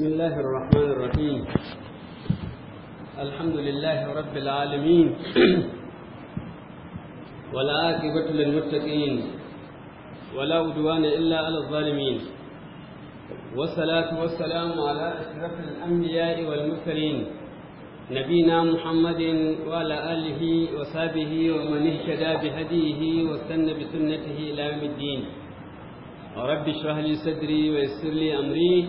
بسم الله الرحمن الرحيم الحمد لله رب العالمين والعاقبة للمتقين ولا عدوان إلا على الظالمين والصلاة والسلام على أشرف الأنبياء والمرسلين نبينا محمد وعلى آله وصحبه ومن اهتدى بهديه واستنى بسنته إلى يوم الدين رب اشرح لي صدري ويسر لي أمري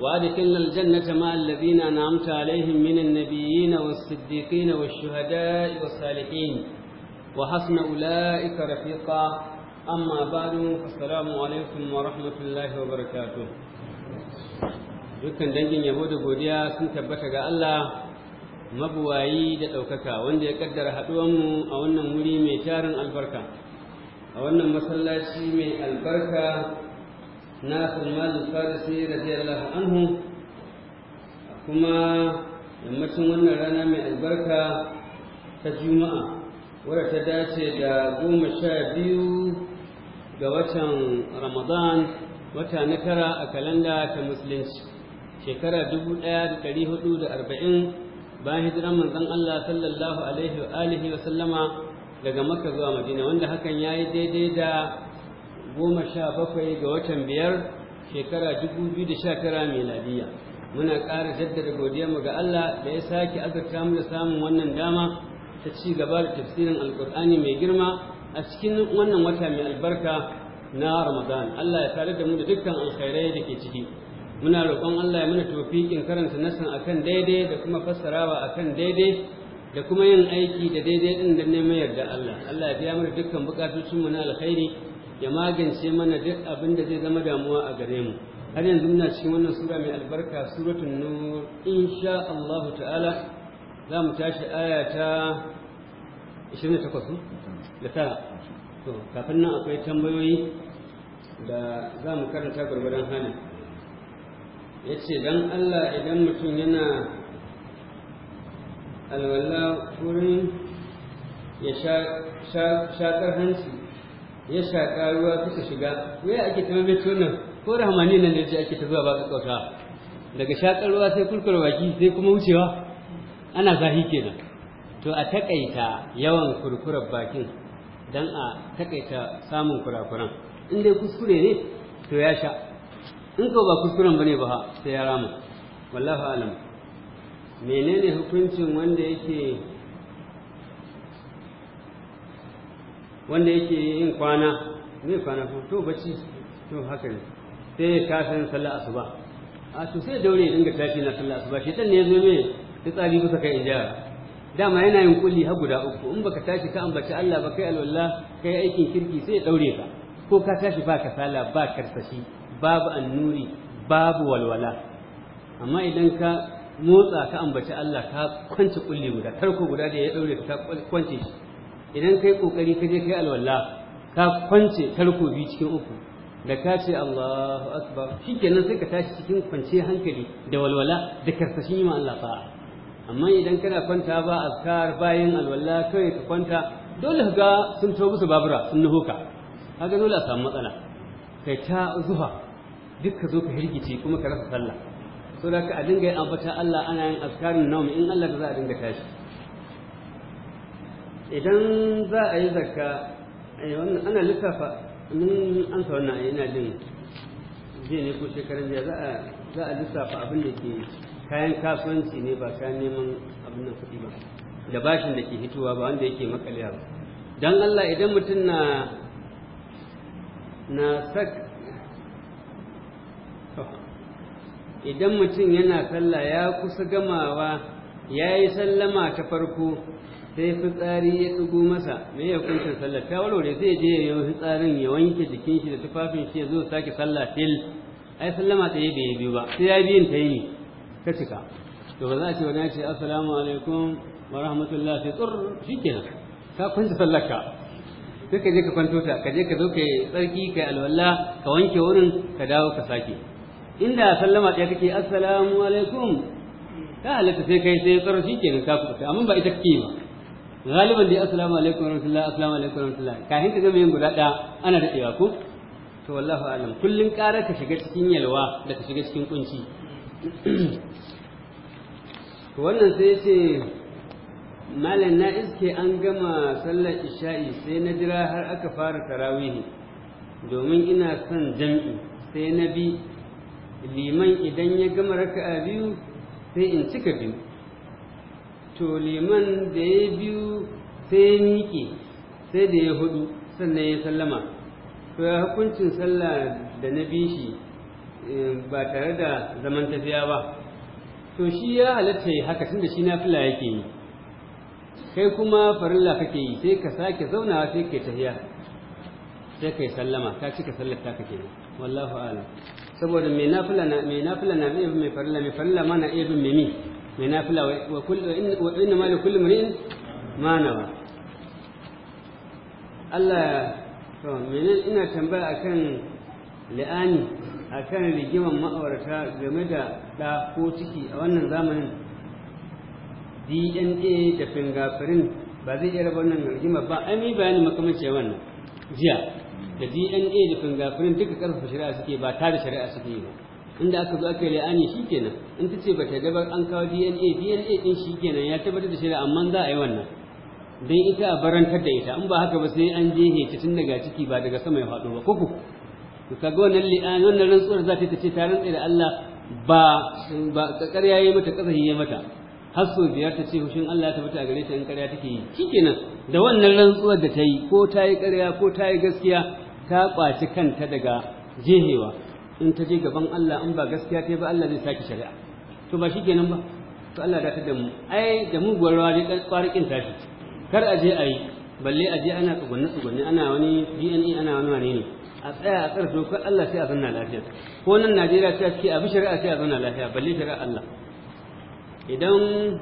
وادخلنا الجنة مع الذين أنعمت عليهم من النبيين والصديقين والشهداء والصالحين وحسن أولئك رفيقا أما بعد فالسلام عليكم ورحمة الله وبركاته dukkan dangin yabo da godiya sun tabbata ga Allah mabuwayi da ɗaukaka wanda ya kaddara haɗuwanmu a wannan wuri mai tarin albarka a wannan masallaci mai albarka na salman farisi radiyallahu anhu kuma yammacin wannan rana mai albarka ta juma'a wadda ta dace da goma sha biyu ga watan ramadan wata na tara a kalanda ta musulunci shekara dubu ɗaya da ɗari hudu da arba'in bayan hijiran manzon Allah sallallahu alaihi wa alihi wa sallama daga makka zuwa madina wanda hakan ya yi daidai da goma sha bakwai ga watan biyar shekara dubu biyu da sha tara meladiya muna ƙara jaddada mu ga Allah da ya sake azurta mu da samun wannan dama ta ci gaba da tafsirin alkur'ani mai girma a cikin wannan wata mai albarka na ramadan Allah ya tare da mu da dukkan alkhairai da ke ciki muna roƙon Allah ya mana ƙin karanta nasan akan daidai da kuma fassarawa akan daidai da kuma yin aiki da daidai din da neman yarda Allah Allah ya biya mana dukkan bukatun mu na alkhairi ya magance mana duk abin da zai zama damuwa a gare mu har yanzu muna cikin wannan sura mai albarka suratul nur insha Allah ta'ala za mu tashi aya ta 28 da ta to kafin nan akwai tambayoyi da za mu karanta gwargwadon hali ya ce don Allah idan mutum yana alwala wurin ya sha shaƙar hanci ya shaƙa ruwa suka shiga waya ake ta maimaita wannan ko rahmani nan ne ce ake ta zuwa ba su kauta daga shaƙar ruwa sai kurkura baki sai kuma wucewa ana zahi kenan to a takaita yawan kurkurar bakin dan a takaita samun kurakuran in dai kuskure ne to ya sha in ko ba kuskuren bane ba sai ya rama wallahu alam menene hukuncin wanda yake wanda yake yin kwana zai kwana ko to bacci to haka ne sai ya kasan sallar asuba a to sai daure dinga tashi na sallar asuba shi dan ne ya mai mai tsari kusa kai injara dama yana yin kulli har guda uku in baka tashi ka ambaci Allah ba kai alwala kai aikin kirki sai ya daure ka ko ka tashi ba kasala ba karsashi babu annuri babu walwala amma idan ka motsa ka ambaci Allah ka kwance kulli guda tarko guda da ya daure ka kwance shi idan kai kokari ka je kai alwala ka kwance tarkobi cikin uku da ka ce Allahu akbar shikenan sai ka tashi cikin kwance hankali da walwala da yi ma Allah ta'a amma idan kana kwanta ba azkar bayan alwala kawai ka kwanta dole ga sun to musu babura sun nuho ka kaga dole a samu matsala kai ta zuha duk ka zo ka hirgice kuma ka rasa sallah saboda ka dinga yin abata Allah ana yin azkarin nawmi in Allah da za a dinga tashi idan za a yi zakka eh, ana lissafa an sa wannan eh, na jin jiya ne ko shekarun jiya za a lissafa abin da ke kayan kasuwanci ne ba kayan neman abin da kuɗi ba da bashin da ke hitowa ba wanda yake makaliya ba don Allah idan mutum na na sak idan mutum yana sallah ya kusa gamawa ya yi sallama ta farko sai fitsari ya tsugo masa me ya hukuncin sallar ta walwale zai je ya yi fitsarin ya wanke jikin shi da tufafin shi ya zo sake sallah fil ai sallama ta yi bai biyu ba sai ya biyin ta yi ta cika to ba za a ce wani ya ce assalamu alaikum wa rahmatullah sai tsur shikenan ka kwanta sallarka sai ka je ka kwanto ta ka je ka zo ka yi tsarki ka yi alwala ka wanke wurin ka dawo ka sake inda sallama ɗaya kake assalamu alaikum ka halatta sai kai sai tsar shikenan ka kuɓuta amma ba ita kake ba galiban dai assalamu alaikum warahmatullahi assalamu alaikum warahmatullahi kafin ka game yin guda ɗaya ana daɗewa ku? to wallahi alam kullun ƙara ka shiga cikin yalwa da ka shiga cikin kunci to wannan sai ce malam na iske an gama sallar isha'i sai na jira har aka fara tarawih domin ina son jam'i sai na bi liman idan ya gama raka'a biyu sai in cika biyu to liman da ya biyu sai ya miƙe sai da ya hudu sannan ya sallama to ya hukuncin sallah da na bi shi eh, ba tare da zaman tafiya ba to shi ya halatta ya haka da shi nafila yake yi kai kuma farilla kake yi sai ka sake zaunawa sai ka tafiya sai ka yi sallama ka cika sallar ta kake yi wallahu a'lam saboda mai nafila na mai nafila na mai farilla mai farilla ma na iya bin mai mai nafila wa inna ma likulli mri'in ma nawa Allah to menen ina tambaya akan li'ani akan rigiman ma'aurata game da ɗa ko ciki a wannan zamanin A da fingerprint ba zai iya raba wannan rigima ba an yi bayani makamancin wannan jiya da DNA da fingerprint duka karfafa shari'a suke ba tare shari'a suke yi ba inda aka zo aka yi la'ani shikenan in ta ce ba ta gabar an kawo dna dna din shikenan ya tabbatar da shari'a amma za a yi wannan Don ita a barantar da ita in ba haka ba sai an je hece tun daga ciki ba daga sama ya faɗo ba kuku ku kaga wannan la'ani wannan rantsuwar za ta ce ta rantsa da Allah ba ba kakar yayi mata kasahi yayi mata har sau biyar ta ce hushin Allah ta tabbata a gare ta in ƙarya take yi kenan da wannan rantsuwar da ta yi ko ta yi ƙarya ko ta yi gaskiya ta ƙwaci kanta daga jehewa in ta je gaban Allah in ba gaskiya ta ba Allah zai sake shari'a to ba shikenan ba to Allah da ta da mu ai da mu gwarawa dai kwarikin tashi kar a je a yi balle a je ana tsugunni tsugunni ana wani DNA ana wani wane ne a tsaya a tsarto ko Allah sai a zanna lafiya ko nan Najeriya sai ce a bi shari'a sai a zanna lafiya balle shari'a Allah idan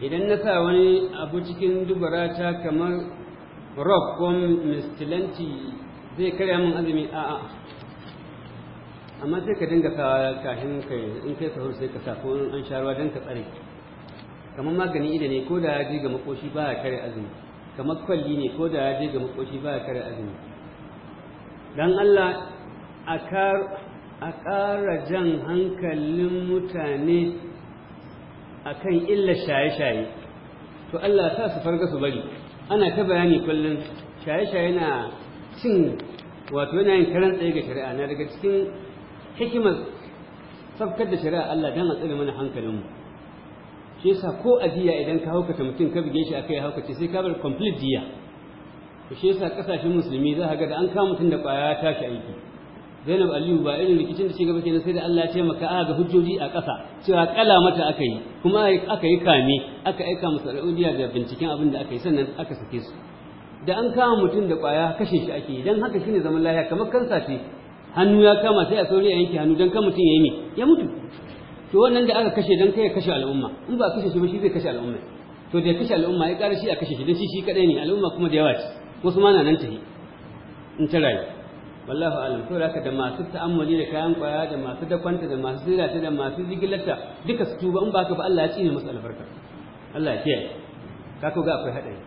idan na sa wani abu cikin dubara ta kamar rock ko mistilanti zai karya min azumi a'a amma sai ka dinga sa kashin kai in kai sahur sai ka sa ko an sha ruwa dan ka tsare kamar magani ida ne ko da ya je ga makoshi ba ya kare azumi kamar kwalli ne ko da ya je ga makoshi ba ya kare azumi dan Allah a ƙara jan hankalin mutane akan illa shaye-shaye to Allah sa su farga su bari ana ta bayani kullum shaye-shaye na cin wato yana yin karan tsaye ga shari'a na daga cikin hikimar safkar da shari'a Allah dan a tsare mana hankalinmu shi yasa ko ajiya idan ka haukata mutum ka buge shi akai haukace sai ka bar complete jiya shi yasa kasashen musulmi za ka ga da an kama mutum da kwaya ya tashi aiki Zainab Aliyu ba irin rikicin da shigaba kenan sai da Allah ya taimaka a ga hujjoji a ƙasa cewa kala mata aka yi kuma aka yi kame aka aika musu Saudiya da binciken abin da aka yi sannan aka sake su da an kama mutum da ƙwaya kashe shi ake yi dan haka shine zaman lafiya kamar kan safe hannu ya kama sai a sauri a yanke hannu dan kan mutum ya yi ne ya mutu to wannan da aka kashe dan kai ya kashe al'umma in ba kashe shi ba shi zai kashe al'umma to da ya kashe al'umma ya ƙara shi a kashe shi dan shi shi kadai ne al'umma kuma da yawa ce wasu ma na nan tahi in ta rayu wallahu alam to haka da masu ta'ammuli da kayan kwaya da masu dakwanta da masu zirata da masu zigilarta duka su tuba in ba ka ba Allah ya ci ne masu albarka Allah ya kiyaye ka ko ga akwai hadari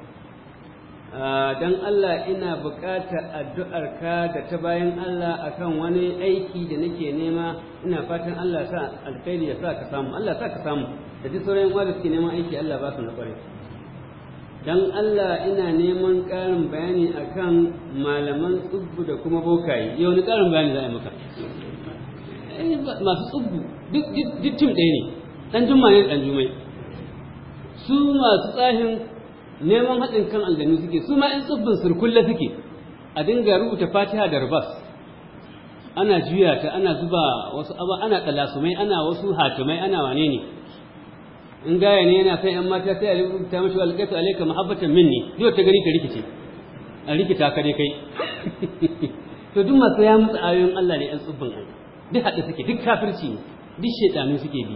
ah, dan Allah ina bukata addu'ar ka da ta bayan Allah akan wani aiki da nake nema ina fatan Allah sa alkhairi ya sa ka samu Allah sa ka samu da duk sauran wanda suke neman aiki Allah ba su na kwarai don Allah ina neman ƙarin bayani akan malaman tsubbu da kuma bokaye yau ni ƙarin bayani za a yi maka eh, masu tsubbu duk tim ɗaya ne ɗan juma ne ɗan jumai su masu tsahin neman haɗin kan aljanu suke su ma 'yan tsubbin surkulla suke a dinga rubuta fatiha da rabas ana juya ta ana zuba wasu aba ana ɗalasumai ana wasu hatumai ana wane ne in gaya ne yana sai yan mata sai a ta mashi alƙatu alaika mahabbatan minni duk ta gani ta rikice a rikita ka dai kai to duk masu ya mutu ayoyin Allah ne yan tsubbin ai duk haɗe suke duk kafirci ne duk shaitanu suke bi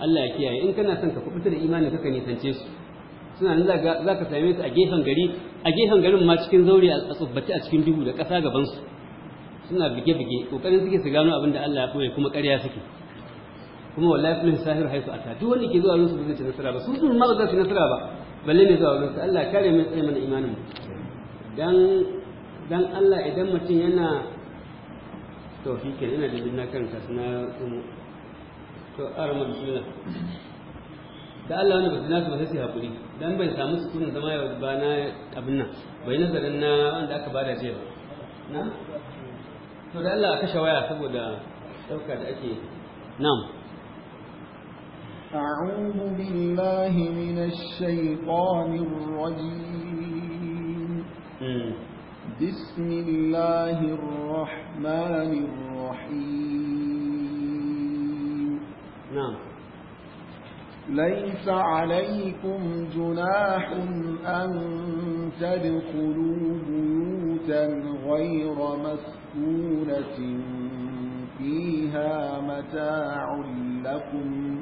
Allah ya kiyaye in kana son ka kubuta da imani kaka nisance su suna nan za ka same su a gefen gari a gefen garin ma cikin zaure a tsubbace a cikin dubu da ƙasa gabansu su suna bige-bige kokarin suke su gano abin da Allah ya koya kuma ƙarya suke kuma wallahi kullu sahir haisu ata duk wanda ke zuwa wurin su zai nasara ba su sun ma ba su nasara ba balle ne zuwa wurin su Allah kare mu tsaye mana imanin mu dan dan Allah idan mutum yana to shi ke yana da binna kanka suna to arama bismillah da Allah wani basu nasu ba sai hakuri dan bai samu sukunin zama ya ba na abin nan bai nazarin na wanda aka bada jiya ba na to da Allah a kashe waya saboda dauka da ake na'am أعوذ بالله من الشيطان الرجيم بسم الله الرحمن الرحيم نعم ليس عليكم جناح أن تدخلوا بيوتا غير مسكونة فيها متاع لكم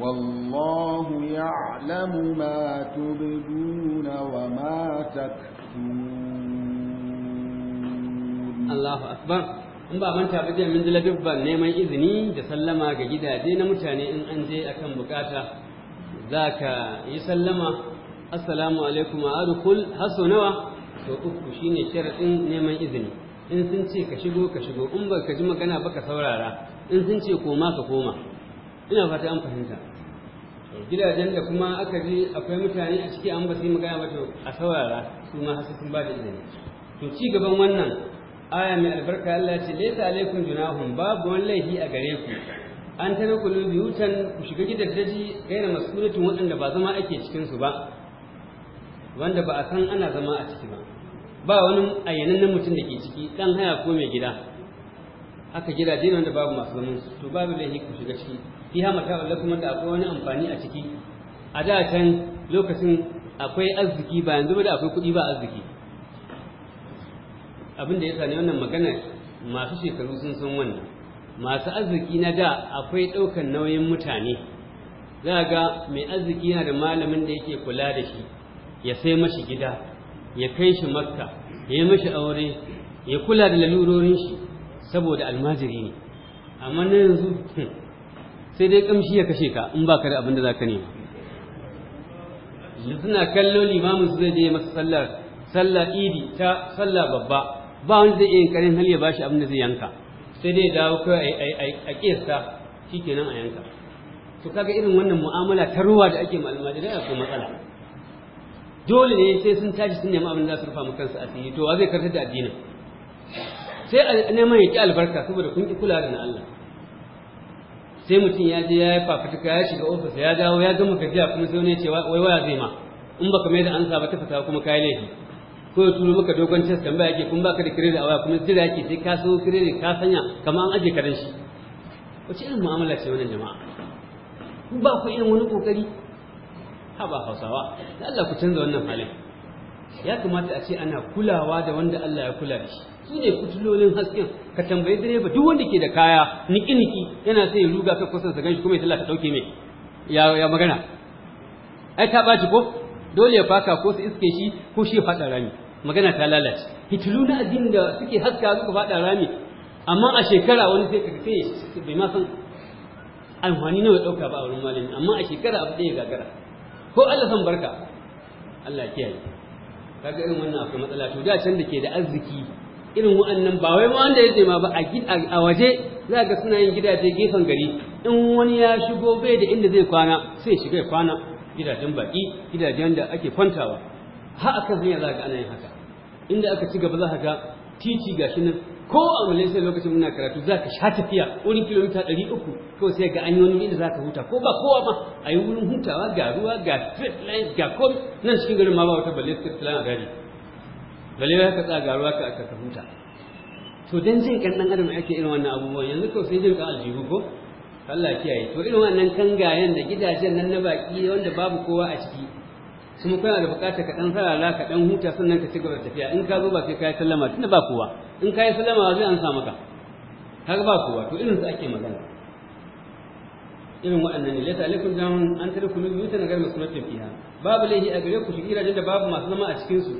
والله يعلم ما تبدون وما تكتمون الله أكبر in ba manta ba zai minjila dubban neman izini da sallama ga gidaje na mutane in an je akan bukata za ka yi sallama assalamu alaikum a adukul haso nawa to uku shine sharaɗin neman izini in sun ce ka shigo ka shigo in ba ka ji magana ba ka saurara in sun ce koma ka koma ina fata an fahimta gidajen da kuma aka ji akwai mutane a ciki an ba su yi magana ba to a saurara su ma hasu sun ba da izini to ci gaban wannan aya mai albarka Allah ce laysa alaikum junahun babu wani laifi a gare ku an tana ku hutan ku shiga gidaddaji gaira masulatin waɗanda ba zama ake cikin su ba wanda ba a san ana zama a ciki ba ba wani ayyanannen mutum da ke ciki dan haya ko mai gida haka gidaje ne wanda babu masu zaman su to babu laifi ku shiga ciki fiha mata'un kuma da akwai wani amfani a ciki a da can lokacin akwai arziki ba yanzu ba da akwai kuɗi ba arziki abin da ya sani wannan magana masu shekaru sun san wannan masu arziki na da akwai ɗaukar nauyin mutane za ga mai arziki yana da malamin da yake kula da shi ya sai mashi gida ya kai shi makka ya yi mashi aure ya kula da lalurorin shi saboda almajiri ne amma na yanzu hmm, sai dai kamshi ya kashe ka in ba ka da abin da za ka nema suna kallo limamin su zai je masa sallar sallar idi ta sallar babba ba wanda zai iya yin karin hali ya bashi abin da zai yanka sai dai dawo kawai a kiyasta kenan a yanka to kaga irin wannan mu'amala ta ruwa da ake almajirai akwai matsala dole ne sai sun tashi sun nemi abin da za su rufa kansu asiri to wa zai karanta da addinin sai a neman ya ki albarka saboda kun ki kula da na Allah sai mutum ya je ya yi fafutuka ya shiga ofis ya dawo ya gama gajiya kuma sai ce wai waya zai ma in baka mai da ansa ba ta kuma kai laifi ko ya turo maka dogon kan tambaya yake kun baka da credit a waya kuma jira yake sai ka so credit ka sanya kamar an aje kadan shi wace irin mu'amala ce wannan jama'a ku ba ku irin wani kokari ha ba hausawa da Allah ku canza wannan halin ya kamata a ce ana kulawa da wanda Allah ya kula da shi su ne fitilolin hasken ka tambayi direba duk wanda ke da kaya niki niki yana sai ya ruga ka kusan sa ganshi kuma ya ta dauke mai ya magana ai ta baci ko dole ya faka ko su iske shi ko shi fada rami magana ta lalace hitulu na addini da suke haska suka fada rami amma a shekara wani sai ka sai bai ma san amfani nawa dauka ba a wurin malami amma a shekara abu ɗaya gagara ko Allah san barka Allah ya kiyaye kaga irin wannan akwai matsala to da can da ke da arziki irin wa'annan ba wai wanda ya je ma ba a waje za ga suna yin gidaje gefen gari in wani ya shigo bai da inda zai kwana sai shiga ya kwana gidajen baki gidajen da ake kwantawa har akan hanya za ga ana yin haka inda aka ci gaba za ga titi gashi nan ko a malaysia lokacin muna karatu za ka sha tafiya wurin kilomita ɗari uku kawai sai ga an yi wani inda za ka huta ko ba kowa ma a yi wurin hutawa ga ruwa ga street lines ga kom nan cikin garin ma ba wata balle street line a gari galila ka tsagaruwa ka aka ka huta to dan jin kan dan adam ake irin wannan abubuwan yanzu to sai jin ka aljihu ko Allah ya kiyaye to irin wannan kangayen da gidajen nan na baki wanda babu kowa a ciki kuma kana da bukata ka dan sarara ka dan huta sannan ka ci gaba da tafiya in ka zo ba sai ka yi sallama tunda ba kowa in ka yi sallama zai an sa maka har ba kowa to irin su ake magana irin waɗannan ne laysa alaikum jahun an wuta na gari masu mafi fiya babu lahi a gare ku shi gidajen da babu masu zama a cikinsu.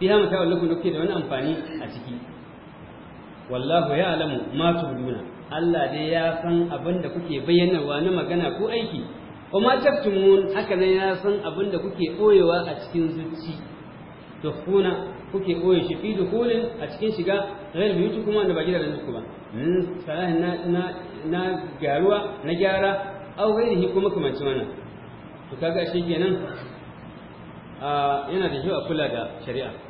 fiha mata'ul lakum da kuke da wani amfani a ciki wallahu ya'lamu ma tubduna Allah dai ya san abin da kuke bayyanarwa na magana ko aiki kuma taftumun haka nan ya san abin da kuke boyewa a cikin zuci dukhuna kuke boye shi fi dukhulin a cikin shiga ghayr biyuti kuma da ba gidan ku ba min hmm, salahin na na na garuwa na gyara au ghairihi kuma kamar wannan to kaga shi kenan ah, yana da kyau a kula da shari'a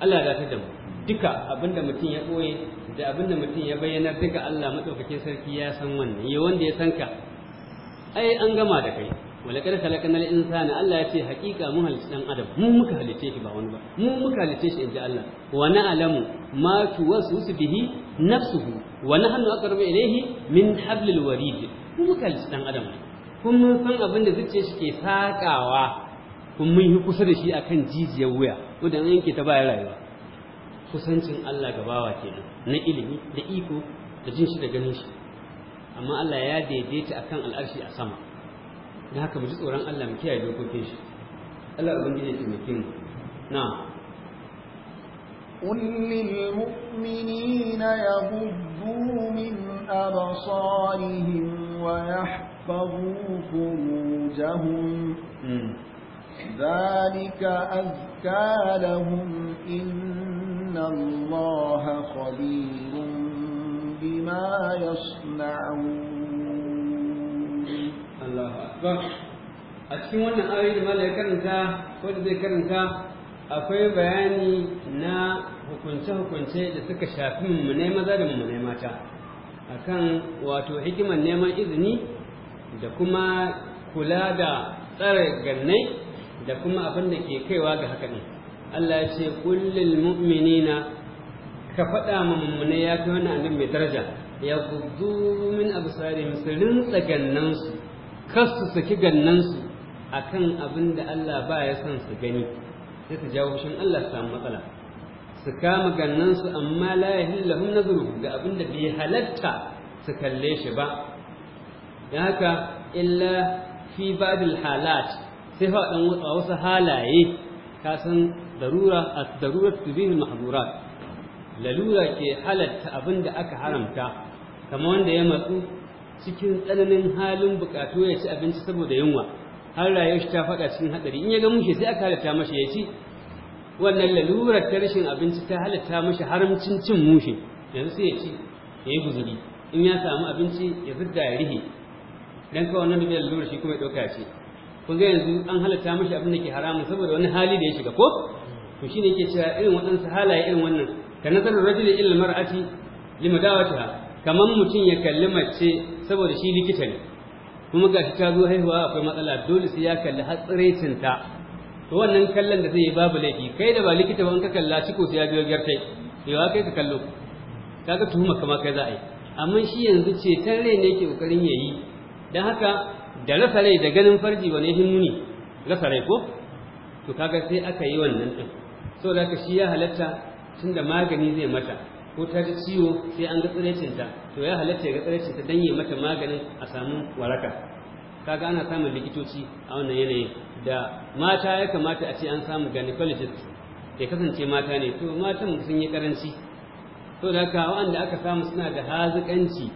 Allah ya dace da mu duka abinda mutum ya ɓoye da abinda mutum ya bayyana duka Allah madaukakin sarki ya san wannan ya wanda ya san ka ai an gama da kai walakar khalaqana al-insana Allah ya ce haƙiƙa mu halice dan adam mu muka halice shi ba wani ba mu muka halice shi inji Allah wa na'lamu ma tuwaswisu bihi nafsuhu wa nahnu aqrabu ilayhi min hablil warid mu muka halice dan adam kuma mun san abin da zuciyar shi ke sakawa kun mun yi kusa da shi akan jijiyar wuya wadda an yanke ta baya rayuwa kusancin Allah ga bawa kenan na ilimi da iko da jin shi da ganin shi amma Allah ya daidaita akan al'arshi a sama na haka mu ji tsoron Allah mu kiyaye dokokin shi Allah ubangiji ya taimake mu na'am قل للمؤمنين يغضوا من أبصارهم ويحفظوا فروجهم ذلك أذكى لهم إن الله خبير بما يصنعون الله أكبر أتكلم وانا أريد ما لكرنتا wadda zai karanta akwai bayani na hukunce-hukunce da suka shafi mummunai za da mata akan wato hikimar neman izini da kuma kula da tsare gannai da kuma abin da ke kaiwa ga haka ne Allah ya ce kullil mu'minina ka faɗa ma mummune ya kai wani annabi mai daraja ya gudu min absarihim su rinsa gannan su kar su saki gannan su akan abin da Allah ba ya son su gani sai su jawo shin Allah su samu matsala su kama gannan su amma la yahillahum nazru ga abin da bai halatta su kalle shi ba Ya haka illa fi babil halat sai fa dan wasu halaye ka san darura ad-darurat tubin mahdurat lalura ke halatta abin da aka haramta kamar wanda ya matsu cikin tsananin halin bukatu ya ci abinci saboda yunwa har rayuwar shi ta faɗa cikin hadari in ya ga mushe sai aka halatta mashi ya ci wannan lalurar ta rashin abinci ta halatta mashi haramcin cin mushe yanzu sai ya ci ya yi guzuri in ya samu abinci ya zidda ya rihe dan kawai wannan da lalurar shi kuma ya ɗauka shi kun ga yanzu an halatta mashi abin da ke haramun saboda wani hali da ya shiga ko to shine yake cewa irin waɗansu halaye irin wannan ka nazarin rajuli ilal mar'ati limadawata kaman mutum ya kalli mace saboda shi likita ne kuma ga ta zo haihuwa akwai matsala dole sai ya kalli hatsirecin ta to wannan kallon da zai yi babu laifi kai da ba likita ba in ka kalla ciko sai ya biyo gartai sai wa kai ka kallo kaga tuhuma kama kai za a yi amma shi yanzu ce tare ne ke kokarin yayi dan haka da rasa rai da ganin farji wane himmuni rasa rai ko to kaga sai aka yi wannan din da haka shi ya halatta tunda magani zai mata ko ta ji ciwo sai an ga tsiraicinta to ya halatta ya ga tsiraicinta don yi mata maganin a samu waraka kaga ana samun likitoci a wannan yanayin da mata ya kamata a ce an samu gynecologist ya kasance mata ne to matan sun yi karanci to da haka waɗanda aka samu suna da haziƙanci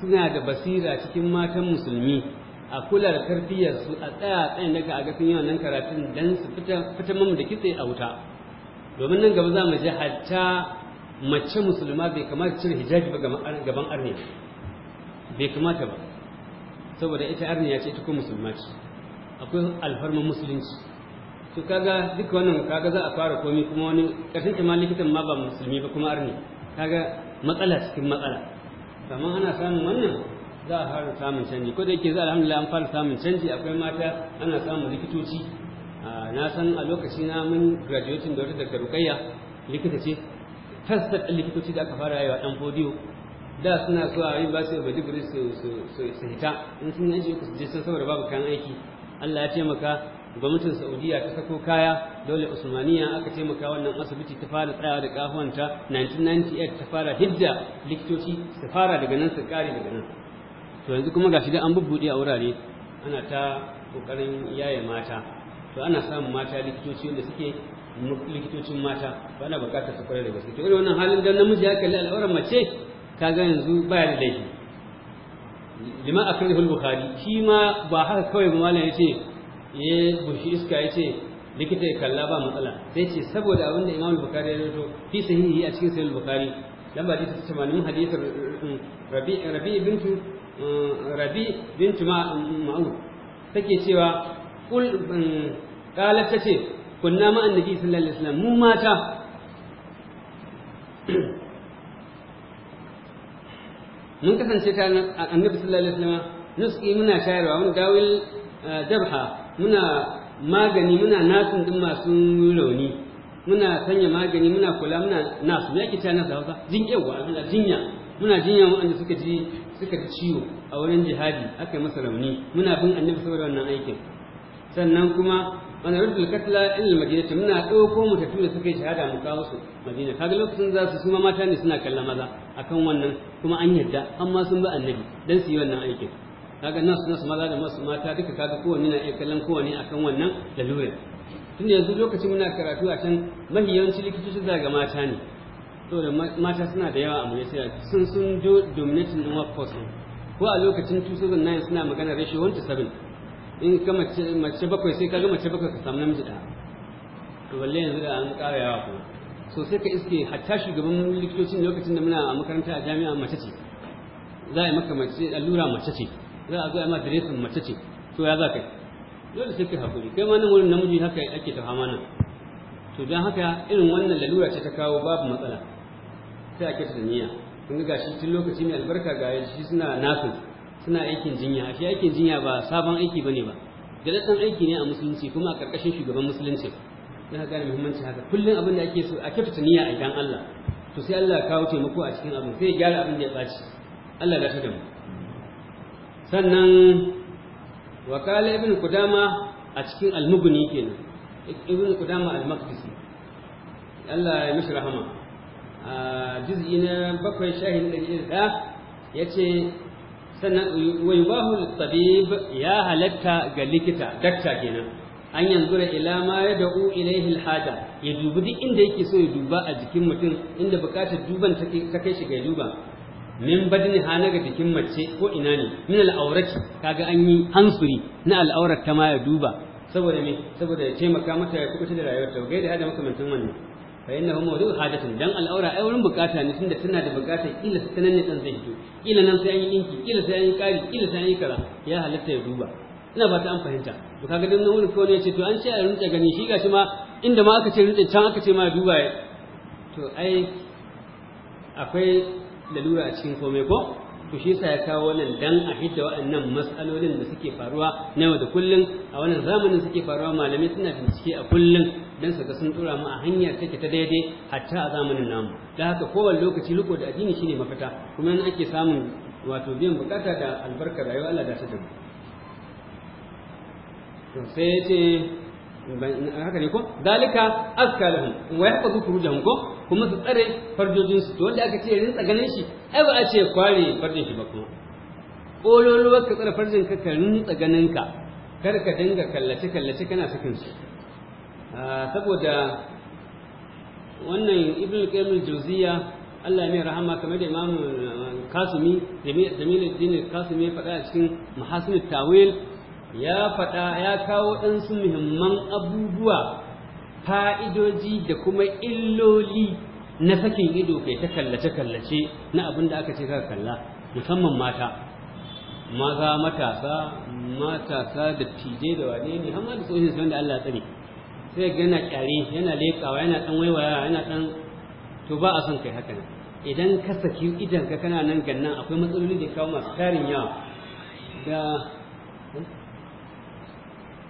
suna da basira cikin matan musulmi a kula da tarbiyyar su a tsaya tsayin daga a gafin yawan nan karatun don su fita mamu da kitse a wuta domin nan gaba za mu je hatta mace musulma bai kamata cire hijabi ba gaban arniya bai kamata ba saboda ita arniya ce ita ko musulma ce akwai alfarmar musulunci to kaga duka wannan kaga za a fara komi kuma wani karshen ta ma likitan ma ba musulmi ba kuma arni kaga matsala cikin matsala kamar ana samun wannan za a fara samun canji ko da yake za alhamdulillah an fara samun canji akwai mata ana samun likitoci na san a lokaci na mun graduating da wata daga rukayya likita ce fassar likitoci da aka fara yawa dan fodiyo da suna so a yi basu su ba digiri su hita in sun yanci su je sun saboda babu kayan aiki Allah ya taimaka gwamnatin Saudiya ta sako kaya dole Usmaniya aka taimaka wannan asibiti ta fara tsayawa da kafuwanta 1998 ta fara hijja likitoci su fara daga nan su kare daga nan to yanzu kuma shi da an bubbuɗe a wurare ana ta kokarin yaye mata to ana samun mata likitoci wanda suke likitocin mata ba na bukatar su kwarar da gaske to irin wannan halin dan namiji ya kalli al'auran mace kaga yanzu ya da laifi lima akrahu al-bukhari shi ma ba haka kawai malam yace ya bushi iska yace likita ya kalla ba matsala sai ce saboda abin da imam al-bukhari ya rawaito fi sahihi a cikin sahihul bukhari lamba ta 80 hadithar eh, rabi' rabi' bintu rabi bintu ma'un take cewa kul mm, qalat tace kunna ma annabi sallallahu alaihi wasallam mu mata mun kasance ta annabi sallallahu alaihi wasallam nuski muna shayarwa mun dawil eh, dabha muna magani muna nasin din masu rauni muna sanya magani muna kula muna nasu me yake ta nasu hausa jin yawa jinya muna jinya waɗanda suka ji suka ji ciwo a wurin jihadi aka yi masa rauni muna bin annabi saboda wannan aikin sannan kuma wani rubul katla ilil madinati muna ɗauko mutattun da suka yi shahada mu kawo su madina kaga lokacin za su suma mata ne suna kallon maza akan wannan kuma an yadda amma sun bi annabi dan su yi wannan aikin kaga nasu nasu maza da masu mata duka kaga kowanne na iya kallon kowanne akan wannan lalurin tun yanzu lokacin muna karatu a can mahi yawanci likitoci za ga mata ne saboda mata suna da yawa a malaysia sun sun jo dominating din workforce ko a lokacin 2009 suna magana ratio 1 to 7 in ka mace bakwai sai ka ga mace bakwai ka samu namiji ɗaya to wallahi yanzu da an ƙara yawa ko. so sai ka iske hatta shugaban likitocin lokacin da muna a makaranta a jami'a mace ce za a yi maka mace allura mace ce za a zo a yi ma diresin mace ce to ya za ka dole sai ka haƙuri kai ma nan wurin namiji haka ake ta fama nan to don haka irin wannan lalura ce ta kawo babu matsala sai a kyautata niyya kun ga shi tun lokaci mai albarka ga shi suna nafin suna aikin jinya shi aikin jinya ba sabon aiki bane ba daɗaɗɗen aiki ne a musulunci kuma a ƙarƙashin shugaban musulunci na ka gane muhimmanci haka kullum abin da ake so a kyautata niyya a idan Allah to sai Allah kawo taimako a cikin abin sai ya gyara abin da ya ɓaci Allah ya ta da mu sannan wakala ibn kudama a cikin almuguni kenan ibn kudama al-maqdisi Allah ya mishi rahama a juz'i na bakwai shahin ɗari ɗaya ya ce sannan wai bahu tabib ya halatta ga likita dakta kenan an yanzu da ila ma ya da'u ilaihi alhada ya dubi duk inda yake so ya duba a jikin mutum inda bukatar duban ta kai shi ga duba min badni ha ga jikin mace ko ina ne min al'aurati kaga an yi hansuri na al'aurar ta ma ya duba saboda me saboda ya taimaka mata ya kubuta da rayuwarta gai da hada makamantan wannan fa innahu mawdu'u hajatun dan al'aura ai wurin bukata ne tunda tana da bukata kila ta nan ne dan zai fito kila nan sai an yi dinki kila sai an yi kari kila sai an yi kaza ya halatta ya duba ina ba ta an fahimta to kaga dan nan ko kawai ce to an ce a rinta gani shi gashi ma inda ma aka ce rinta can aka ce ma duba to ai akwai lalura a cikin komai ko to shi yasa ya kawo wannan dan a hidda waɗannan mas'alolin da suke faruwa na yau da kullun a wannan zamanin suke faruwa malamai suna bincike a kullun don su ga sun tura mu a hanyar take ta daidai hatta a zamanin namu da haka kowane lokaci riko da addini shine mafita kuma yana ake samun wato biyan bukata da albarkar rayuwa Allah da ta to sai ce haka ne ko dalika azka wa yaqdu furujahum ko kuma su tsare farjojin su to wanda aka ce rinsa ganin shi ai ba a ce kware farjin shi ba ko kololuwar ka tsare farjin ka ka rinsa ganin ka kar ka dinga kallace kallace kana sakin shi. Ah, saboda wannan ibn qayyim jauziya Allah ya mai rahama kamar da Imam Kasumi ah, al-Din Kasumi ya faɗa a cikin Mahasin Tawil ya faɗa ya kawo ɗansu muhimman abubuwa fa'idoji da kuma illoli na sakin ido kai ta kallace-kallace na abin da aka ce ka kalla musamman mata maza matasa matasa da tije da wane ne har ma da tsohon da Allah tsare sai ga yana kyari yana lekawa yana dan waiwa yana dan to ba a son kai haka nan idan ka saki idan ka kana nan gannan akwai matsaloli da kawo masu tarin yawa da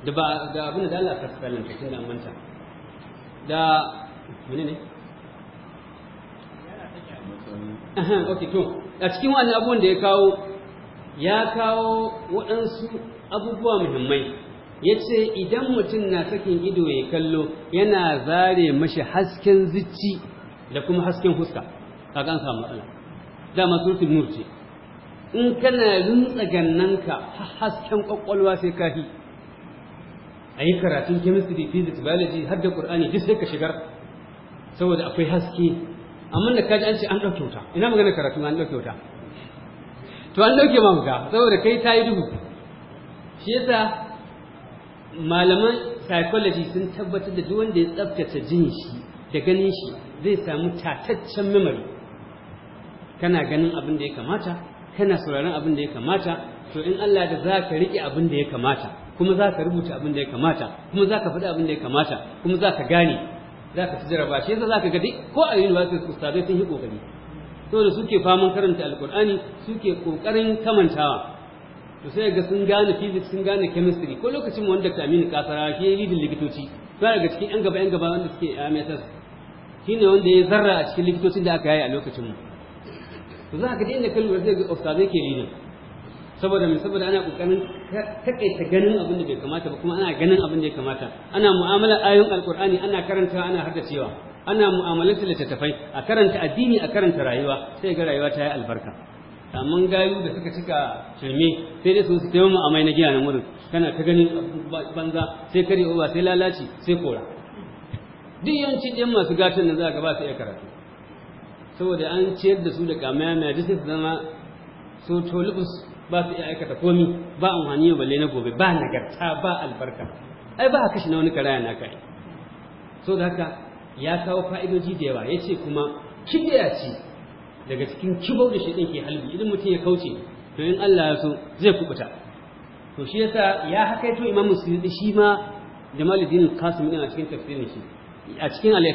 da ba da abin da Allah ka tsallan ta tunda manta da menene aha okay to a cikin wannan abubuwan da ya kawo ya kawo waɗansu abubuwa muhimmai ya ce idan mutum na sakin ido ya kallo yana zare mashi hasken zici da kuma hasken fuska a kan samu matsala dama masu nur ce in kana runtsa gannanka hasken kwakwalwa sai kafi a yi karatun chemistry physics biology har da qur'ani duk sai ka shigar saboda akwai haske amma da kaji an ce an ɗauke wuta ina magana karatu an ɗauke wuta to an ɗauke ma wuta saboda kai ta yi duhu shi yasa malaman psychology sun tabbatar da duk wanda ya tsabtace jini shi da ganin shi zai samu tataccen memory kana ganin abin da ya kamata kana sauraron abin da ya kamata to in Allah da za ka riƙe abin da ya kamata kuma za ka rubuta abin da ya kamata kuma za ka faɗi abin da ya kamata kuma za ka gane za ka tijira ba shi yasa za ka gadi ko a university ustazai sun yi ƙoƙari saboda suke faman karanta alƙur'ani suke ƙoƙarin kamantawa to sai ga sun gane physics sun gane chemistry ko lokacin mu wanda Aminu Kasara shi ya da likitoci sai ga cikin yan gaba yan gaba wanda suke MSS shine wanda ya zarra a cikin likitocin da aka yi a lokacin mu to za ka dinga kallon kalmar sai ga ke lidin saboda mai saboda ana kokarin takaita ganin abin da bai kamata ba kuma ana ganin abin da ya kamata ana mu'amala ayoyin alkur'ani ana karanta ana cewa ana ta littattafai a karanta addini a karanta rayuwa sai ga rayuwa ta yi albarka mun gayu da suka cika shirme sai dai su su taimaka mu amai na gina nan wurin kana ta ganin banza sai kare uba sai lalaci sai kora duk yawanci ɗin masu gatan da za ka ba su iya karatu saboda an ciyar da su da kamaya mai duk su zama su tolibus ba su iya aikata komi ba amfani balle na gobe ba nagarta ba albarka ai ba kashi na wani karaya na kai so da haka ya kawo fa'idoji da yawa ya ce kuma kidiya ce daga cikin kibau da shaidan ke halbi idan mutum ya kauce to in Allah ya so zai kubuta to shi yasa ya hakaito imamu suyuti shi ma kasu kasumi a cikin tafsirin shi a cikin al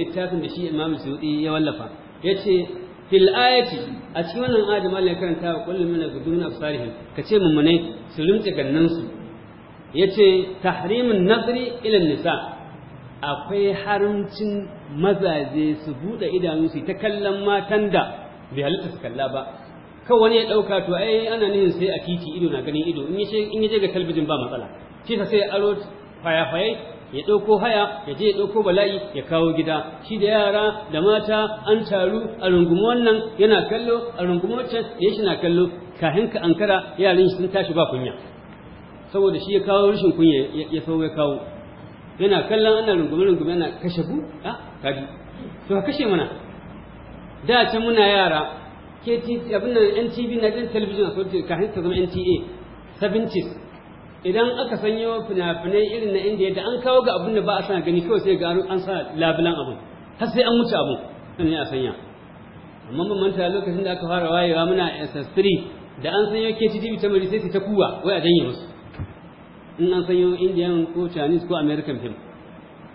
littafin da shi imamu suyuti ya wallafa yace fil ayati a cikin wannan ayat da a karanta wa kullu mana gudun absarihim kace mummune su rimce gannan su yace tahrimun nazri ila nisa akwai haramcin mazaje su buɗe idanu su ta kallon matan da bai halitta su kalla ba kawai wani ya ɗauka to ai ana nihin sai a titi ido na ganin ido in ya je ga talbijin ba matsala shi sa sai aro faya-faya ya ɗauko haya ya je ya ɗauko bala'i ya kawo gida shi da yara da mata an taru a rungumi wannan yana kallo a rungumi wancan ya shi na kallo kafin ka ankara yaran shi sun tashi ba kunya saboda shi ya kawo rashin kunya ya sau ya kawo yana kallon ana rungume rungume yana kashe bu a ah, kaji to ka kashe mana da can muna yara KTT abin da NTV na gidan television a sauti kafin ta zama NTA sabincis idan aka sanyo fina-finai irin na Indiya da an kawo ga abin da ba a sana gani kawai sai ga an sa labulan abin har sai an wuce abin ne a sanya amma mun manta lokacin da aka fara wayewa muna SS3 da an sanyo KTTV ta mari sai ta kuwa wai a janye musu in an sanyo Indiyan ko Chinese ko American film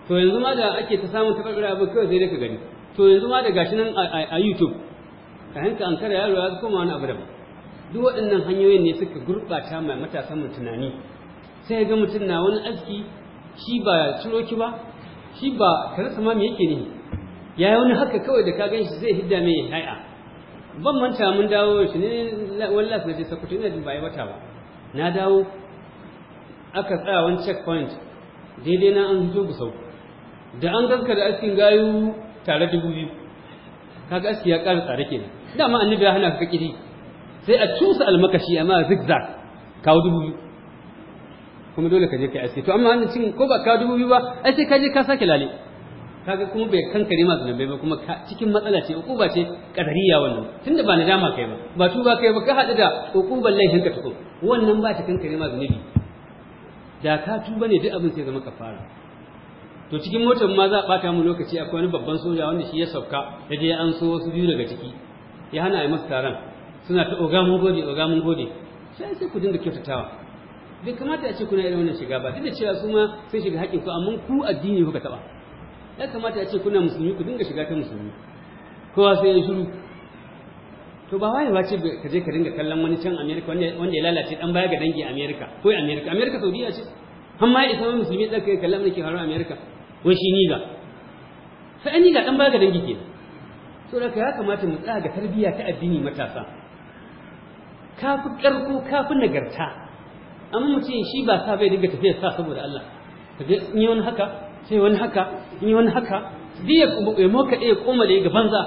to yanzu ma da ake ta samun taɓarɓar abin kawai sai dai ka gani to yanzu ma da gashi nan a youtube ka hanka an kare yaro ya koma wani abu ba. duk waɗannan hanyoyin ne suka gurɓata mai matasan mu tunani sai ga mutum na wani aski shi ba ciro ki ba shi ba ka rasa ma me yake ne ya yi wani haka kawai da ka gan shi zai hidda mai haya ban manta mun dawo shi ne wallas na je sakuta ina jin bai wata ba na dawo aka tsaya wani checkpoint daidai na an hito gusau da an gaskata askin gayu tare dubu biyu kaga aski ya ƙara tsare kenan dama annabi ya hana ka kiri sai a cusa almakashi amma zigzag kawo dubu biyu kuma dole ka je kai aski to amma an cin ko ba kawo dubu biyu ba ai sai ka je ka sake lale kaga kuma bai kankare ma nan bai kuma cikin matsala ce ba ce qadariya wannan tunda ba nadama kai ba ba tuba kai ba ka hadu da ukuban laifin ka tuko wannan ba ta kankare ma nabi da ka tuba ne duk abin sai zama kafara to cikin motar ma za a bata mu lokaci akwai wani babban soja wanda shi ya sauka ya je an so wasu biyu daga ciki ya hana a masu taron suna ta oga mun gode oga mun gode sai sai ku dinga kyautatawa bai kamata a ce kuna irin wannan shiga ba duk da cewa su ma sun shiga haƙƙin ku amma ku addini kuka taɓa ya kamata a ce kuna musulmi ku dinga shiga ta musulmi kowa sai ya shiru to ba wayewa ce ka je ka dinga kallon wani can Amerika wanda ya lalace dan baya ga dangi Amerika ko Amerika Amerika Saudiya ce amma ma ya isa musulmi tsaka kai kallon ne ke haro Amerika ko shi ga sai an ga dan baga dangi ke. so da ya kamata mu tsaya ga tarbiyya ta addini matasa ka fi karko ka fi nagarta amma ce shi ba sa bai dinga tafiya sa saboda Allah Kaje in yi wani haka sai wani haka in yi wani haka kuma ya moka ɗaya komale ga banza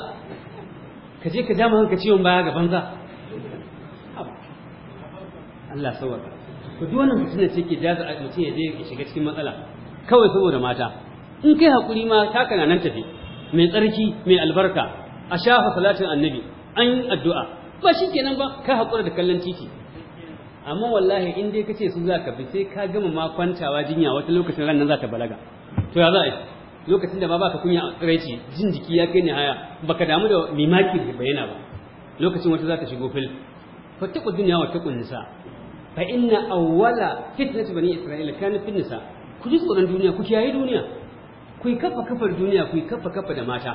ka je ka ja hanka ciwon baya ga banza Allah sauwaka ku duk mutum ne ke jaza mutum ya je ya shiga cikin matsala kawai saboda mata in kai hakuri ma ta na nan tafi mai tsarki mai albarka a shafa salatin annabi an yi addu'a ba shi kenan ba ka haƙura da kallon titi amma wallahi in dai kace su zaka bi sai ka gama ma kwantawa jinya wata lokacin ran nan za ta balaga to ya za a yi lokacin da ba baka kunya tsiraici jin jiki ya kai ni haya baka damu da mimaki da bayyana ba lokacin wata za ta shigo fil fattaqu dunya wa taqu nisa fa inna awwala fitnati bani isra'ila kanat fi nisa ku ji tsoron duniya ku kiyaye duniya ku kafa kafar duniya ku kafa kafa da mata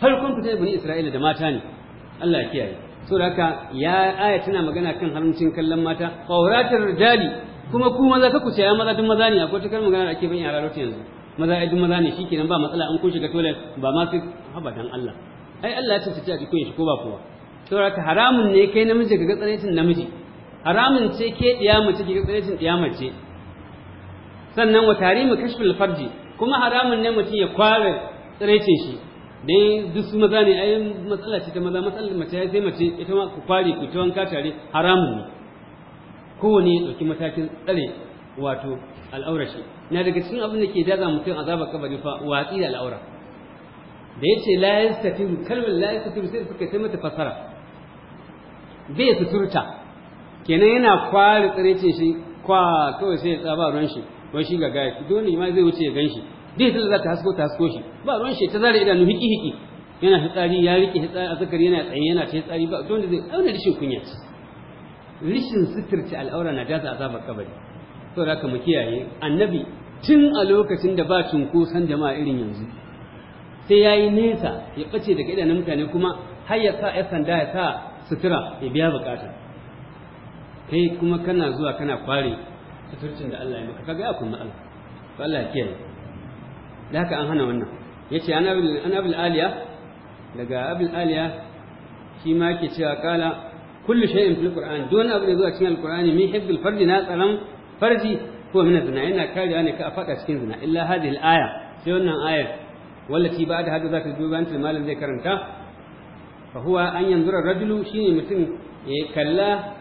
kun fita bani isra'ila da mata ne Allah ya kiyaye So haka ya aya tana magana kan haramcin kallon mata qawratir rijali kuma ku maza ka ku ce ya maza duk maza ne akwai ta magana da ake bin yara lokaci yanzu maza ai duk maza ne shikenan ba matsala an kun shiga toilet ba ma sai haba dan Allah ai Allah ya tsaya a jikin shi ko ba kowa So haka haramun ne kai namiji ga tsanancin namiji haramun ce ke diya mace ga tsanancin diya mace sannan wa tarimu kashful farji kuma haramun ne mutum ya kware tsiraicin shi dai duk su maza ne ai matsala ce ta maza matsala mace ya sai mace ita ma ku kware ku ta wanka tare haramun ne kowane ya ɗauki matakin tsare wato al'aura shi na daga cikin abin da ke daza mutum a zaba kabari fa watsi da al'aura da ya ce la yastatir kalmar la yastatir sai suka yi mata fasara bai suturta kenan yana kware tsiraicin shi kwa kawai sai ya tsaba ruwan shi wani shi gaga ya dole ma zai wuce ya gan shi duk da za ta hasko ta hasko shi ba ruwan shi ta zara idanu hiki hiki yana fitsari ya rike fitsari a zakari yana tsaye yana ta fitsari ba don da zai auna rishin kunya ce rishin sitirci al'aura na jaza azabar kabari saboda haka mu kiyaye annabi tun a lokacin da ba cunkoson jama'a irin yanzu sai ya yi nesa ya ɓace daga idanun mutane kuma har ya sa ya sanda ya sa sutura ya biya bukata kai kuma kana zuwa kana kware suturcin da Allah ya maka kaga ya kunna Allah to Allah ya kiyaye da haka an hana wannan yace ana ana bil aliya daga abul aliya shi ma yake cewa kala kullu shay'in fil qur'an don abu da zuwa cikin alqur'ani min hifdil fardi na tsaron farji ko min zina yana kariya ne ka faɗa cikin zina illa hadhihi al-aya sai wannan ayar wallati ba da hadu zaka duba antul malam zai karanta fa huwa an yanzura rajulu shine mutum ya kalla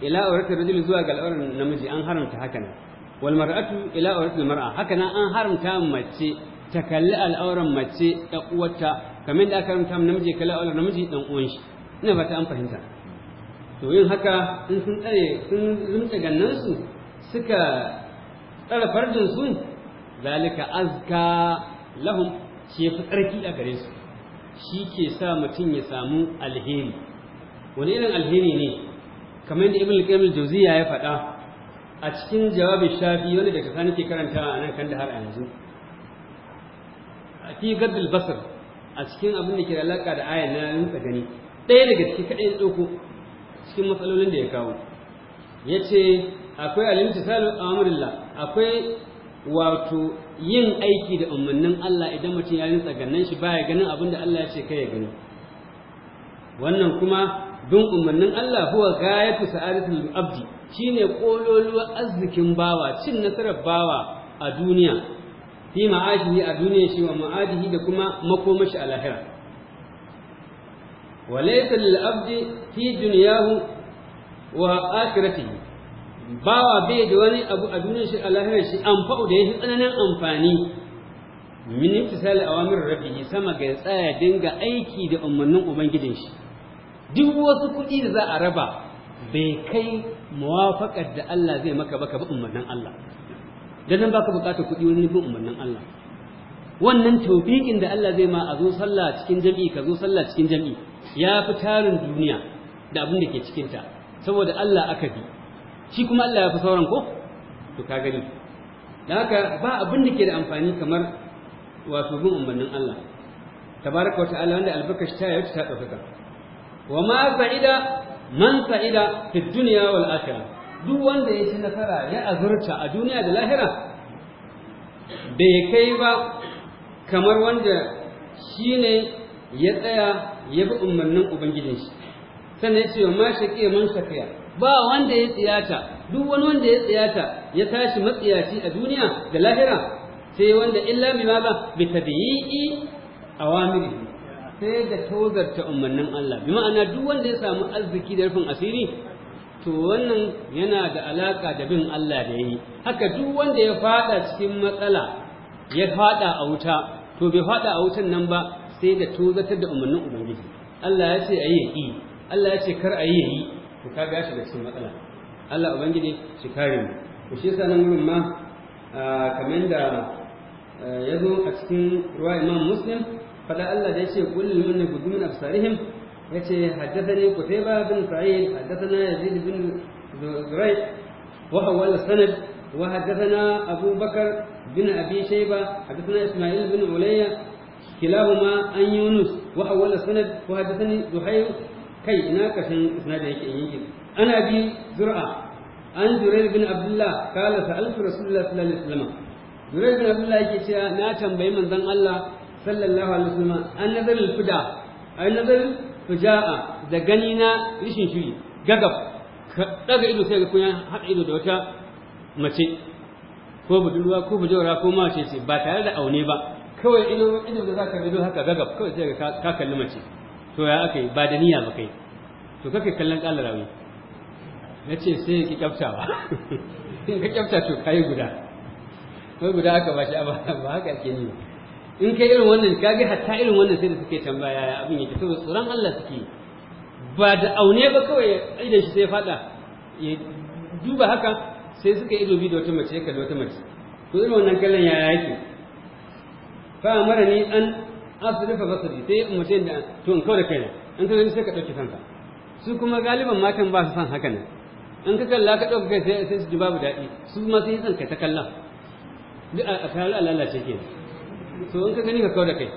ila auratul rajul zuwa ga al'auran namiji an haramta haka nan wal mar'atu ila auratul mar'a haka nan an haramta mace ta kalli al'auran mace ɗan uwarta kamar da aka haramta namiji kalli al'auran namiji dan uwan shi ina ba ta an fahimta to yin haka in sun tsare sun rumta gannan su suka tsara farjin su zalika azka lahum shi fi tsarki a gare su shi ke sa mutum ya samu alheri wani irin alheri ne kamar yadda ibn al-qayyim al-jawziya ya faɗa a cikin jawabi shafi wani daga kan ke karanta a nan kan da har a yanzu fi gaddal basar a cikin abin da ke da alaka da ayan na rinsa gani ɗaya daga ciki kaɗai ya ɗauko cikin matsalolin da ya kawo ya ce akwai alimtisalu amrillah akwai wato yin aiki da umarnin Allah idan mutum ya rinsa gannan shi baya ganin abin da Allah ya ce kai ya gani wannan kuma don umarnin Allah huwa gayatu sa'adatul abdi shine kololuwar arzikin bawa cin nasarar bawa a duniya fi ma'ajihi a duniya shi wa ma'ajihi da kuma makomashi a lahira wa laysa lil abdi fi dunyahu wa akhiratihi bawa bai da wani abu a duniyar shi a lahirar shi fa'u da fi tsananin amfani min imtisali awamir rabbihi sama ga ya tsaya dinga aiki da umarnin ubangijin shi duk wasu kuɗi da za a raba bai kai muwafaqar da Allah zai maka baka bi umarnin Allah dan nan baka bukatar kuɗi wani bi umarnin Allah wannan tawfiqin da Allah zai ma a zo sallah cikin jami'i ka zo sallah cikin jami'i ya fi tarin duniya da abin da ke cikin ta saboda Allah aka bi shi kuma Allah ya fi sauran ko to ka gani dan haka ba abin da ke da amfani kamar wato bin umarnin Allah tabaraka wa ta'ala wanda albarkashi ta yi ta ɗaukaka wa ma sa'ida man sa'ida fi dunya duk wanda ya ci nasara ya azurta a duniya da lahira bai kai ba kamar wanda ne ya tsaya ya bi umarnin ubangijin shi sannan ya ce wa ma shaƙe man shaqiya ba wanda ya tsiyata duk wani wanda ya tsiyata ya tashi matsiyaci a duniya da lahira sai wanda illa bima ba bi tabi'i awamirihi sai da tozarta umarnin Allah bi ma'ana duk wanda ya samu arziki da rufin asiri to wannan yana da alaka da bin Allah da yi. haka duk wanda ya fada cikin matsala ya fada a wuta to bai fada a wutan nan ba sai da tozartar da umarnin ubangiji Allah ya ce ayi yi Allah ya ce kar ayi yi to ga shi da cikin matsala Allah ubangiji shi kare mu to shi yasa nan gurin ma kamar da ya zo a cikin ruwa Imam Muslim fala Allah da yace qul lil mu'minina yaghuddu yace haddathani qutayba bin sa'id haddathana yazid bin zurai wa huwa al-sanad wa haddathana abu bakr bin abi shayba haddathana isma'il bin ulayya kilahuma an yunus wa huwa al-sanad wa haddathani kai ina kashin isnad yake yin ana bi zur'a an bin Abdullah kala Rasulullah sallallahu alaihi wasallam bin Abdullah yake cewa na tambayi manzon Allah sallallahu alaihi wasallam an nazarul fida an nazar fuja'a da gani na rishin shiri gagab ka daga ido sai ga kun haɗa ido da wata mace ko budurwa ko bujawara ko mace ce ba tare da aune ba kawai ido ido da zaka ido haka gagab kawai sai ga ka kalli mace to ya akai ba da niyya ba kai to kake kallon kallar rawi ya ce sai ki ki ba in ka kyafta to kai guda kai guda aka ba shi ba haka ake ni ba in kai irin wannan kage hatta irin wannan sai da suke tambaya ya abin yake saboda tsoron Allah suke ba da aune ba kawai aidan shi sai fada ya duba haka sai suka ido bi da wata mace ya kalli wata mace to irin wannan kallon yaya yake fa mara ni an asrifa basri sai mace da to in kawai da kaina in ka sai ka dauki kanka su kuma galiban matan ba su san haka ne in ka kalla ka dauka kai sai su ji babu daɗi su ma sai san kai ta kallon duk a kallon lalace kenan to in ka gani ka kawo da kai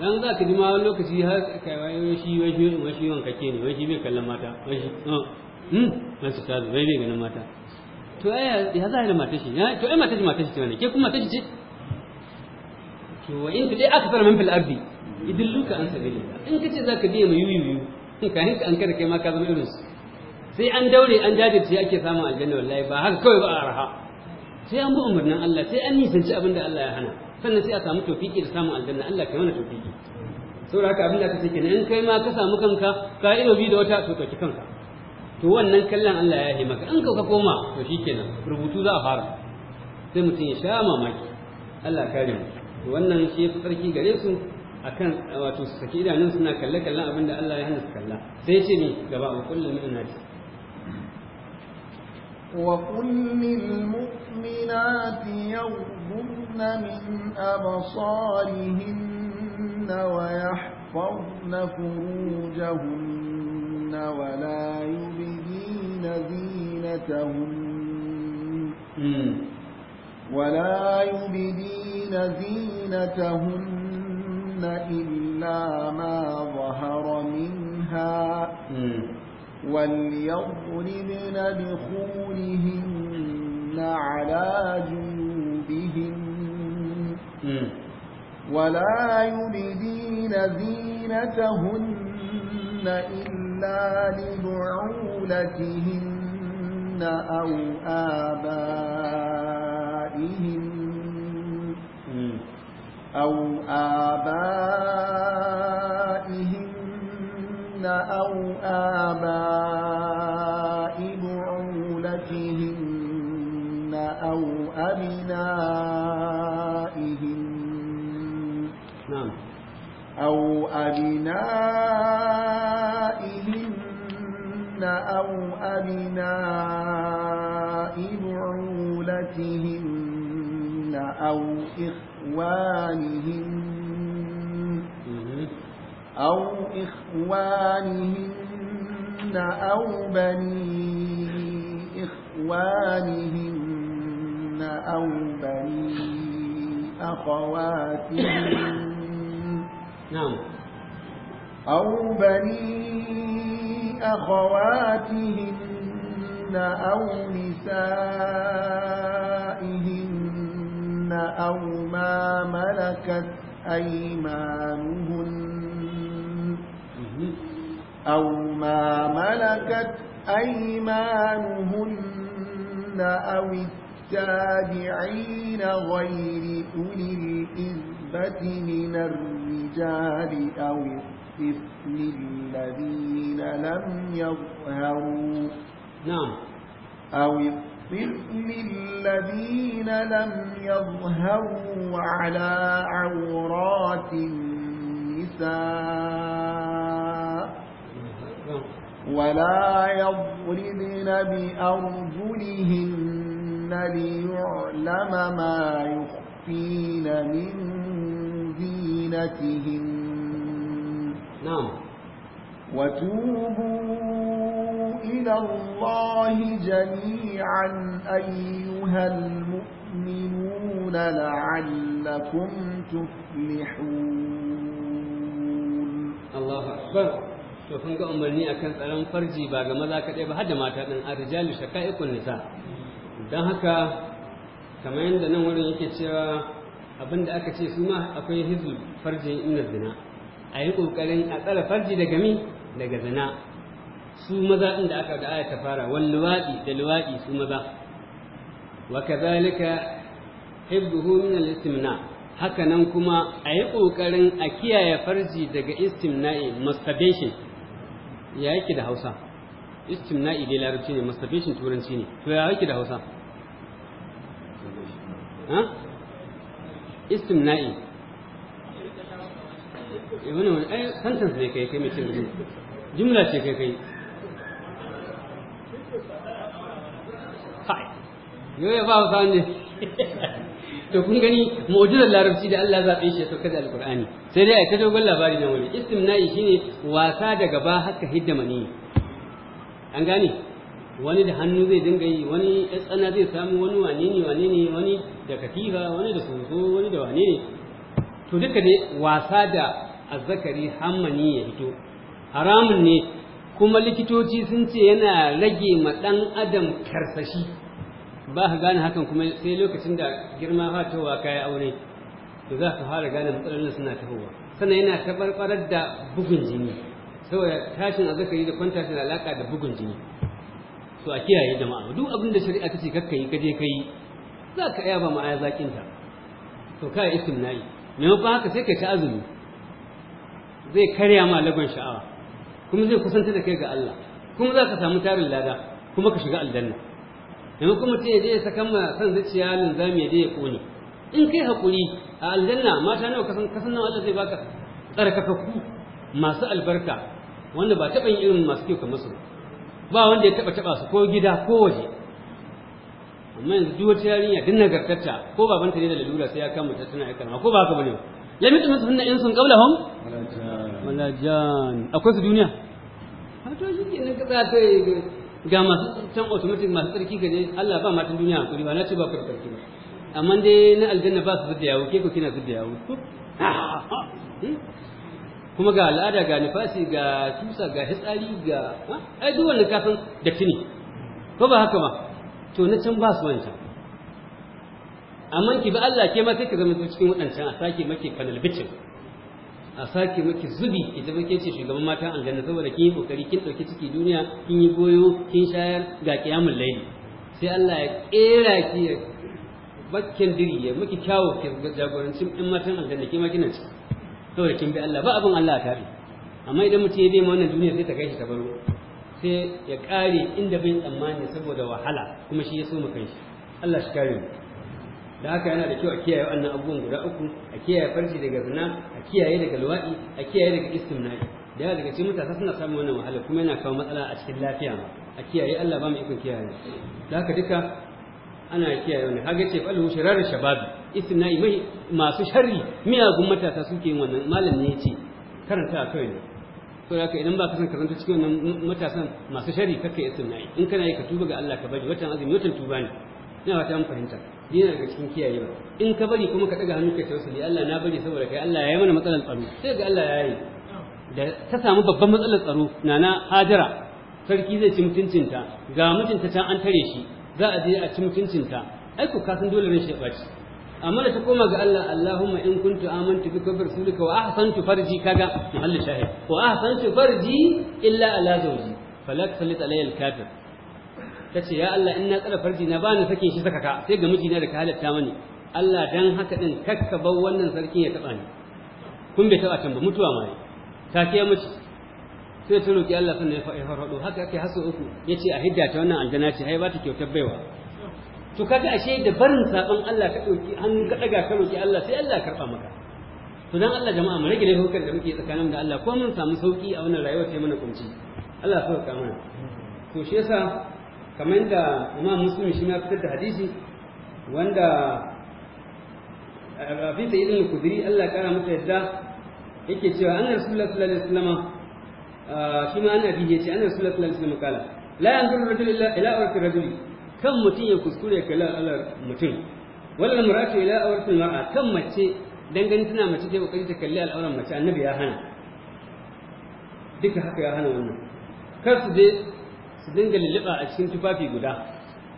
dan za ka ji ma wani lokaci har kai wani shi wani shi wani shi wani kake ne wani shi bai kallon mata wani shi oh, hmm masu ta wai bai ganin mata to ai ya za a yi da mata shi to ai mata shi mata shi ne ke kuma mata shi ce to wa in dai aka fara manfil arbi ardi luka an sabi da in ka ce za ka biya mai yuyu ka hinka an kada kai ma ka zama irin su sai an daure an jajirce ake samun aljanna wallahi ba haka kawai ba a raha sai an bi umarnin Allah sai an nisanci abin da Allah ya hana sannan sai a samu tofiki da samun aljanna Allah kai mana tofiki saboda haka abin da aka ce kenan in kai ma ka samu kanka ka yi bi da wata to ɗauki kanka to wannan kallon Allah ya yi maka in ka koma to shikenan rubutu za a fara sai mutum ya sha mamaki Allah kare mu to wannan shi ya tsarki gare su akan wato su saki idanun suna kalle kallon abin da Allah ya hana su kalla sai ya ce ni gaba wa kullum ina ce. وقل للمؤمنات يغضبن من أبصارهن ويحفظن فروجهن ولا يبدين زينتهن ولا يبدين زينتهن إلا ما ظهر منها وليضربن بخورهن على جنوبهن ولا يبدين زينتهن إلا لبعولتهن أو آبائهن أو آبائهن أو آباء بعولتهن أو أبنائهن نعم أو أبنائهن أو أبناء بعولتهن أو إخوانهن أو إخوانهن أو بني إخوانهن أو بني أخواتهن نعم. أو بني أخواتهن أو نسائهن أو ما ملكت أيمانهن أو ما ملكت أيمانهن أو التابعين غير أولي الإذبة من الرجال أو الطفل الذين لم يظهروا نعم أو الطفل الذين لم يظهروا على عورات النساء ولا يضربن بأرجلهن ليعلم ما يخفين من زينتهن نعم وتوبوا إلى الله جميعا أيها المؤمنون لعلكم تفلحون الله أكبر to kun ga umarni akan tsaron farji ba ga maza kaɗai ba har da mata ɗin a rijali shaka'ikun nisa don haka kamar yadda nan wurin yake cewa abinda aka ce su ma akwai hizul farji inna zina a yi ƙoƙarin a tsara farji daga mi daga zina su maza inda aka da aya ta fara wal luwaɗi da luwaɗi su maza wa kadhalika hibbuhu min al istimna haka nan kuma a yi ƙoƙarin a kiyaye farji daga istimna'i masturbation ya yake da hausa istimna'i dai larabci ne mustafishin turanci ne to ya yake da hausa ha istimna'i eh, wani wani ai sentence ne kai kai mai cin jumla ce kai kai kai yau ya ba hausa ne to kun gani mu'jizar larabci da Allah zaɓe shi ya sauka da alqur'ani sai dai a ta dogon labari na wani istimna'i shine wasa da gaba haka hidda mani an gane wani da hannu zai dinga yi wani tsana zai samu wani wane ne wane ne wani da katifa wani da soso wani da wane ne to duka dai wasa da azzakari hammani ya fito haramun ne kuma likitoci sun ce yana rage ma ɗan adam karsashi ba ka gane hakan kuma sai lokacin da girma fatowa ka yi aure to za ka fara gane matsalolin suna tahowa sannan yana tabarbarar da bugun jini saboda tashin a yi da kwanta da alaka da bugun jini to a kiyaye jama'a duk abin da shari'a ta ce kakka yi kaje kai za ka iya ba ma'aya zakin ta to kai istimnai maimakon haka sai ka ci azumi zai karya ma lagon sha'awa kuma zai kusanta da kai ga Allah kuma za ka samu tarin lada kuma ka shiga aljanna yanzu kuma ce ya je ya sakan ma san zuciya nan za mu je ya kone in kai hakuri a aljanna mata nawa kasan kasan nan Allah zai baka tsarkakakku masu albarka wanda ba taɓa yin irin masu kyau kamar su ba wanda ya taɓa taɓa su ko gida ko waje amma yanzu duk wata yarinya din nagartarta ko babanta ne da lalura sai ya kama ta tana aikana ko ba haka bane lam yutu musunna insun qablahum wala jan akwai su duniya ha to shi ne ka tsaya ga masu can automatic masu tsarki ga ne Allah ba matan duniya hakuri ba na ce ba ku tsarki ba amma dai na aljanna ba su zudda yawo ke ku kina zudda yawo hmm? kuma ga al'ada ga nifasi ga tusa ga hitsari ga ai duk wannan kasan da tuni ko ba haka ba to na can ba su wancan amma ki bi Allah ke ma sai ka zama cikin waɗancan a sake make kanal bicin a sake maki zubi ki zama ke ce shugaban matan aljanna saboda kin yi kokari kin dauki ciki duniya kin yi goyo kin shayar ga kiyamul laili sai Allah ya kera ki ya bakken diri ya miki kyawu ki jagoranci in matan aljanna ki ma kina ci saboda kin bi Allah ba abin Allah ta bi amma idan mutum ya ma wannan duniya sai ta kai shi ta baro sai ya kare inda bai tsammani saboda wahala kuma shi ya so mu kai shi Allah shi kare mu da haka yana da kyau a kiyaye wannan abubuwan guda uku a kiyaye farci daga zina a kiyaye daga luwaɗi a kiyaye daga istimna'i da yawa daga cikin matasa suna samun wannan wahala kuma yana kawo matsala a cikin lafiya ma a kiyaye Allah ba mu ikon kiyaye da haka duka ana kiyaye wannan haka ce fa alhu shirar shababi istimna'i mai masu sharri miyagun matasa suke yin wannan malam ne yace karanta a kai ne to haka idan ba ka san karanta cikin wannan matasan masu sharri kake istimna'i in kana yi ka tuba ga Allah ka bari watan azumi wata tuba ne ina ta an fahimta yana daga cikin ba in ka bari kuma ka daga hannu kai tausali Allah na bari saboda kai Allah ya yi mana matsalar tsaro sai ga Allah ya yi da ta samu babban matsalar tsaro na Hajara sarki zai ci mutuncinta ga mutunta can an tare shi za a je a ci mutuncinta ai ku kasan dole ne shi baci amma da ta koma ga Allah Allahumma in kuntu amantu bika wa rasulika wa ahsantu farji kaga muhallin shahid wa ahsantu farji illa ala zawji falak salit alayya al-kafir ta ce ya Allah in na tsara farji na ba ni sakin shi saka ka sai ga mijina da ka halatta mani Allah dan haka din kakka bar wannan sarkin ya taba ni kun bai taba can ba mutuwa ma ta ke miji sai ta roki Allah sannan ya farado haka yake hasu uku yace a hidda ta wannan aljana ce hai ba ta kyautar baiwa to kaga ashe da barin sabon Allah ka dauki hannu ka daga ka roki Allah sai Allah karba maka to dan Allah jama'a mu rage da hukar da muke tsakanin da Allah ko mun samu sauki a wannan rayuwar sai mana kunci Allah ya sauka mana to shi yasa kamar da imam muslim shi ma fitar da hadisi wanda eh, a rafi sayyid al kudiri Allah ya kara masa yadda yake cewa anna rasulullahi sallallahu alaihi wasallam eh, shi ma ana biye ce anna rasulullahi sallallahu alaihi wasallam kala la yanzuru rajul ila ila awrati rajul kan mutum ya kuskure kala Allah mutum wal mar'atu ila awrati mar'a kan mace dangane tana mace ta kokari ta kalli al'auran mace annabi ya hana duka haka ya hana wannan kar su je su dinga lulluɓa a cikin tufafi guda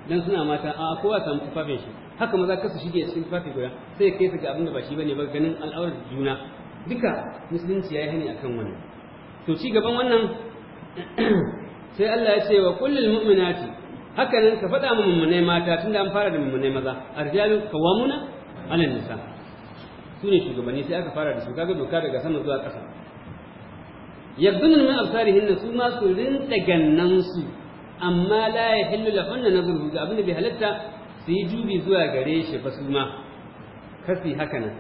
don suna mata a kowa samu tufafin shi haka maza kasu shige a cikin tufafi guda sai ya kai su ga abin da ba shi bane ba ganin al'aurar juna duka musulunci ya yi hani akan wannan to ci gaban wannan sai Allah ya ce wa kullul mu'minati haka nan ka faɗa mu mummunai mata tun da an fara da mummunai maza arjalu qawamuna ala nisa su ne shugabanni sai aka fara da su kaga doka daga sama zuwa ƙasa yabdun min absarihin su ma su rinta gannan su amma la ya hillu lahunna nazuru ga abin da bai halatta su yi jubi zuwa gare shi ba su ma kasi haka nan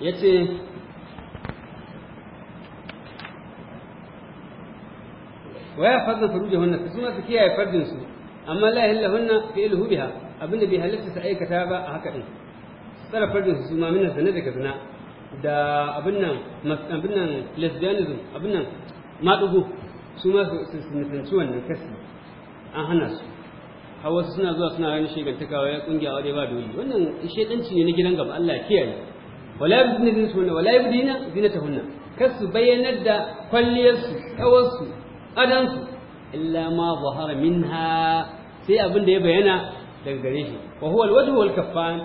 yace wa ya faruje furujahunna su ma su kiyaye fardinsu amma la ya hillu lahunna fi'luhu biha abin da bai halatta su aikata ba a haka din tsara fardinsu su ma min zina daga zina da abin nan abin nan lesbianism abin nan maɗugo su ma su nisanci wannan kasi an hana su har wasu suna zuwa suna wani shegantakawa ya kungiya wadai ba dole wannan shedanci ne na gidan gaba Allah ya kiyaye wala yabdina zinatuhunna wala zina ta kar su bayyanar da kwalliyarsu adan adansu illa ma zahara minha sai abin da ya bayyana daga gare shi wa huwa alwajhu wal kaffan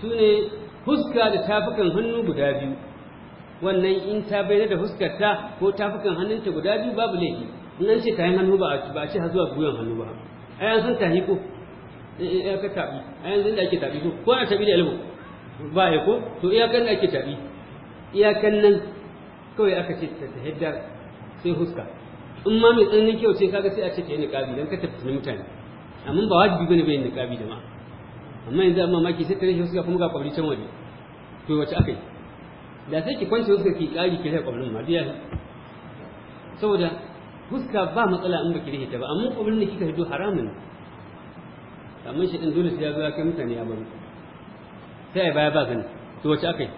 sune Huska da tafukan hannu guda biyu wannan in ta bayyana da ta ko tafukan hannunta guda biyu babu laifi in an ce tahin hannu ba a ce zuwa gwiwan hannu ba a yanzu ta yi ko eh, eh, ka tabi a yanzu da ake tabi ko ko a tabi da ilmu ba ya ko to iyakan da ake tabi iyakan nan kawai aka ce ta tahiddar sai huska in ma mai tsananin kyau ce kaga sai a ce ta yi niqabi dan ka tafi mutane amma ba wajibi bane bayin niqabi jama'a amma yanzu amma maki sai tare shi wasu kuma ga kwabli can waje to wace aka yi da sai ki kwance wasu ki kari ki rai kwabrin ma diya saboda huska ba matsala in baki rike ta ba amma kwabrin ne kika hido haramun amma shi din dole sai ya zo ya kai mutane ya bari sai ya baya ba sani to wace aka yi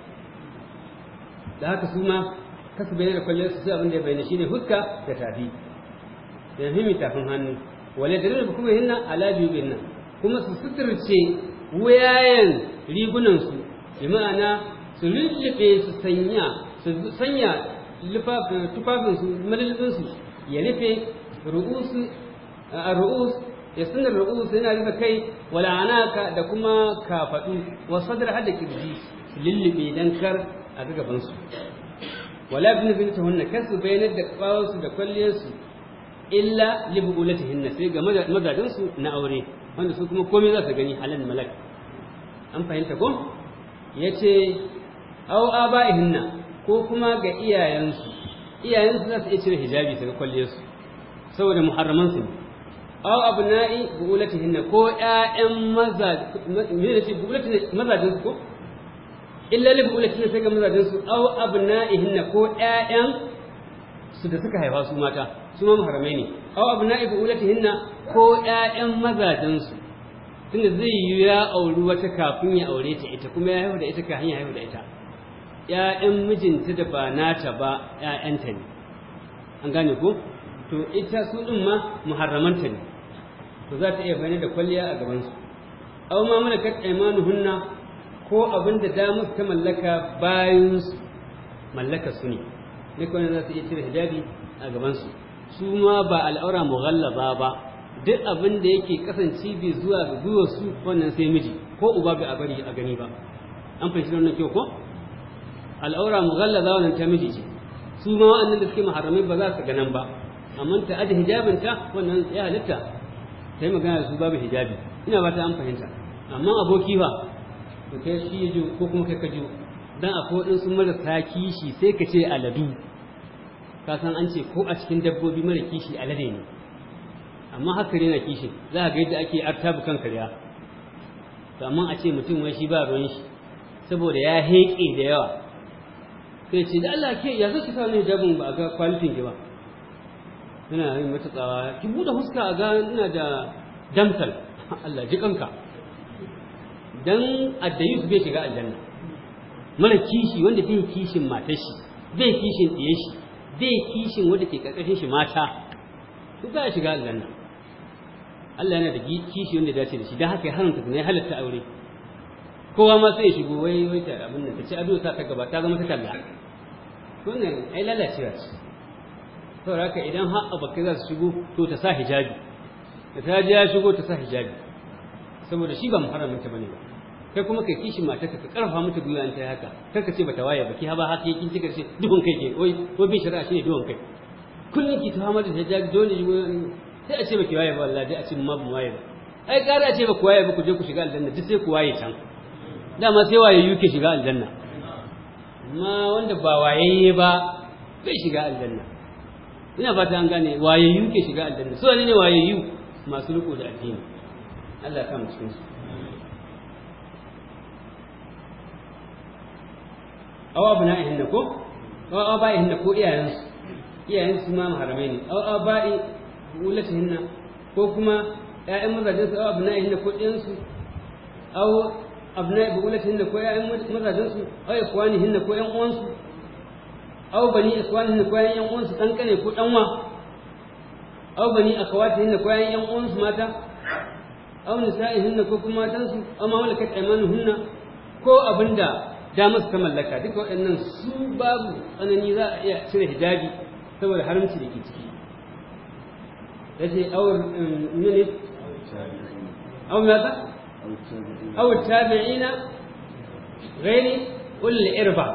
da haka su ma kasu bayyana da kwallon su sai abin da ya bayyana shine huska da tafi da himi tafin hannu wale da rinda kuma hinna ala biyu hinna kuma su suturce wuyayen rigunansu bi ma'ana su lullube su sanya su sanya tufafinsu ya rufe ru'usu a ru'us ya suna ru'us yana rufe kai wala da kuma kafaɗu wa sadr hada kirji su lullube dan kar a gabansu wala bin bin hunna kasu bayanar da kawawansu da kwalliyarsu illa libu ulatihinna sai ga mazajensu na aure wanda su kuma komai za su gani halin malak an fahimta ko ya ce au aba'ihinna ko kuma ga iyayensu iyayensu za su iya cire hijabi daga kwalliyarsu saboda muharraman su au na'i bulatihinna ko ƴaƴan ko 'ya'yan su ko illa li bulatihinna sai ga mazajin su na'i hinna ko ƴaƴan su da suka haifa su mata su ma muharramai ne Au aw abna'i hinna ko 'ya'yan mazajensu tunda zai yi ya auri wata kafin ya aure ta ita kuma ya haihu da ita kafin ya haihu da ita ƴaƴan mijinta da ba nata ba ƴaƴanta ne an gane ko to ita su din ma ne to za ta iya bayani da kwalliya a gaban su aw ma malakat aymanuhunna ko abin da damu ta mallaka bayan mallaka su ne duk wanda za su iya cire hijabi a gabansu. su ma ba al'aura mughallaba ba duk abin da yake kasance bi zuwa ga gwiwar su wannan sai miji ko uba bai a bari a gani ba an fahimci wannan kyau ko al'aura mughallaba wannan ta miji ce su ma wa'annan da suke maharamai ba za su ganan ba amma ta aje hijabin ta wannan ya halitta ta yi magana da su babu hijabi ina ba ta an fahimta amma aboki ba to kai shi ko kuma kai ka jiyo dan akwai waɗansu marasa kishi sai ka ce aladu ka san an ce ko a cikin dabbobi mara kishi alade ne amma haka rena kishi za ga yadda ake artabu kan karya to amma a ce mutum wai shi ba ruwan shi saboda ya heƙe da yawa kai ce da Allah ke ya zai sa ne jabin ba ga kwalitin ki ba ina yin mata ki bude huska a ga ina da damsal Allah ji kanka dan addayus bai shiga aljanna mara kishi wanda bai kishin matashi, bai kishin diye shi bai kishin wanda ke karkashin shi mata duk za a shiga aljanna Allah yana da kishi wanda dace da shi don haka ya haramta na ya halatta aure kowa ma sai ya shigo wai wai ta abin nan ta ci ado ta ta gaba ta zama ta talla wannan ai lalacewa ce saboda haka idan har abokai za su shigo to ta sa hijabi da ta ji ya shigo ta sa hijabi saboda shi ba muharramin ta bane ba kai kuma kai kishin matarka ka karfa mata gwiwa ta haka kar ka ce bata waye ba ki ba haka kin cika ce duhun kai ke oi ko bin shari'a shine duhun kai kullun ki mata da jaji dole sai a ce baki waye ba wallahi a ce ma ba waye ba ai kare a ce ba ku waye ba ku je ku shiga aljanna duk sai ku waye can dama sai waye yuke shiga aljanna amma wanda ba wayayye ba bai shiga aljanna ina fata an gane wayayyu ke shiga aljanna su ne wayayyu masu riko da addini Allah ya kama cikin su aw abna'ihin da ko aw aba'ihin da ko iyayensu iyayensu ma maharamai ne aw aba'i ulatihin na ko kuma ƴaƴan mazajen su aw abna'ihin da ko ɗiyansu aw abna'i ulatihin da ko ƴaƴan mazajen su aw ikwanihin da ko ƴan uwansu aw bani ikwanihin da ko ƴan uwansu dan kane ko danwa aw bani akhawatihin da ko ƴan uwansu mata aw nisa'ihin da ko kuma matansu aw ma malakat aymanuhunna ko abinda damar ta mallaka duk waɗannan su babu tsanani za a iya cire hijabi saboda haramci da ke ciki ya ce awar um, minit awar mata awar tabi'ina gairi ulil irba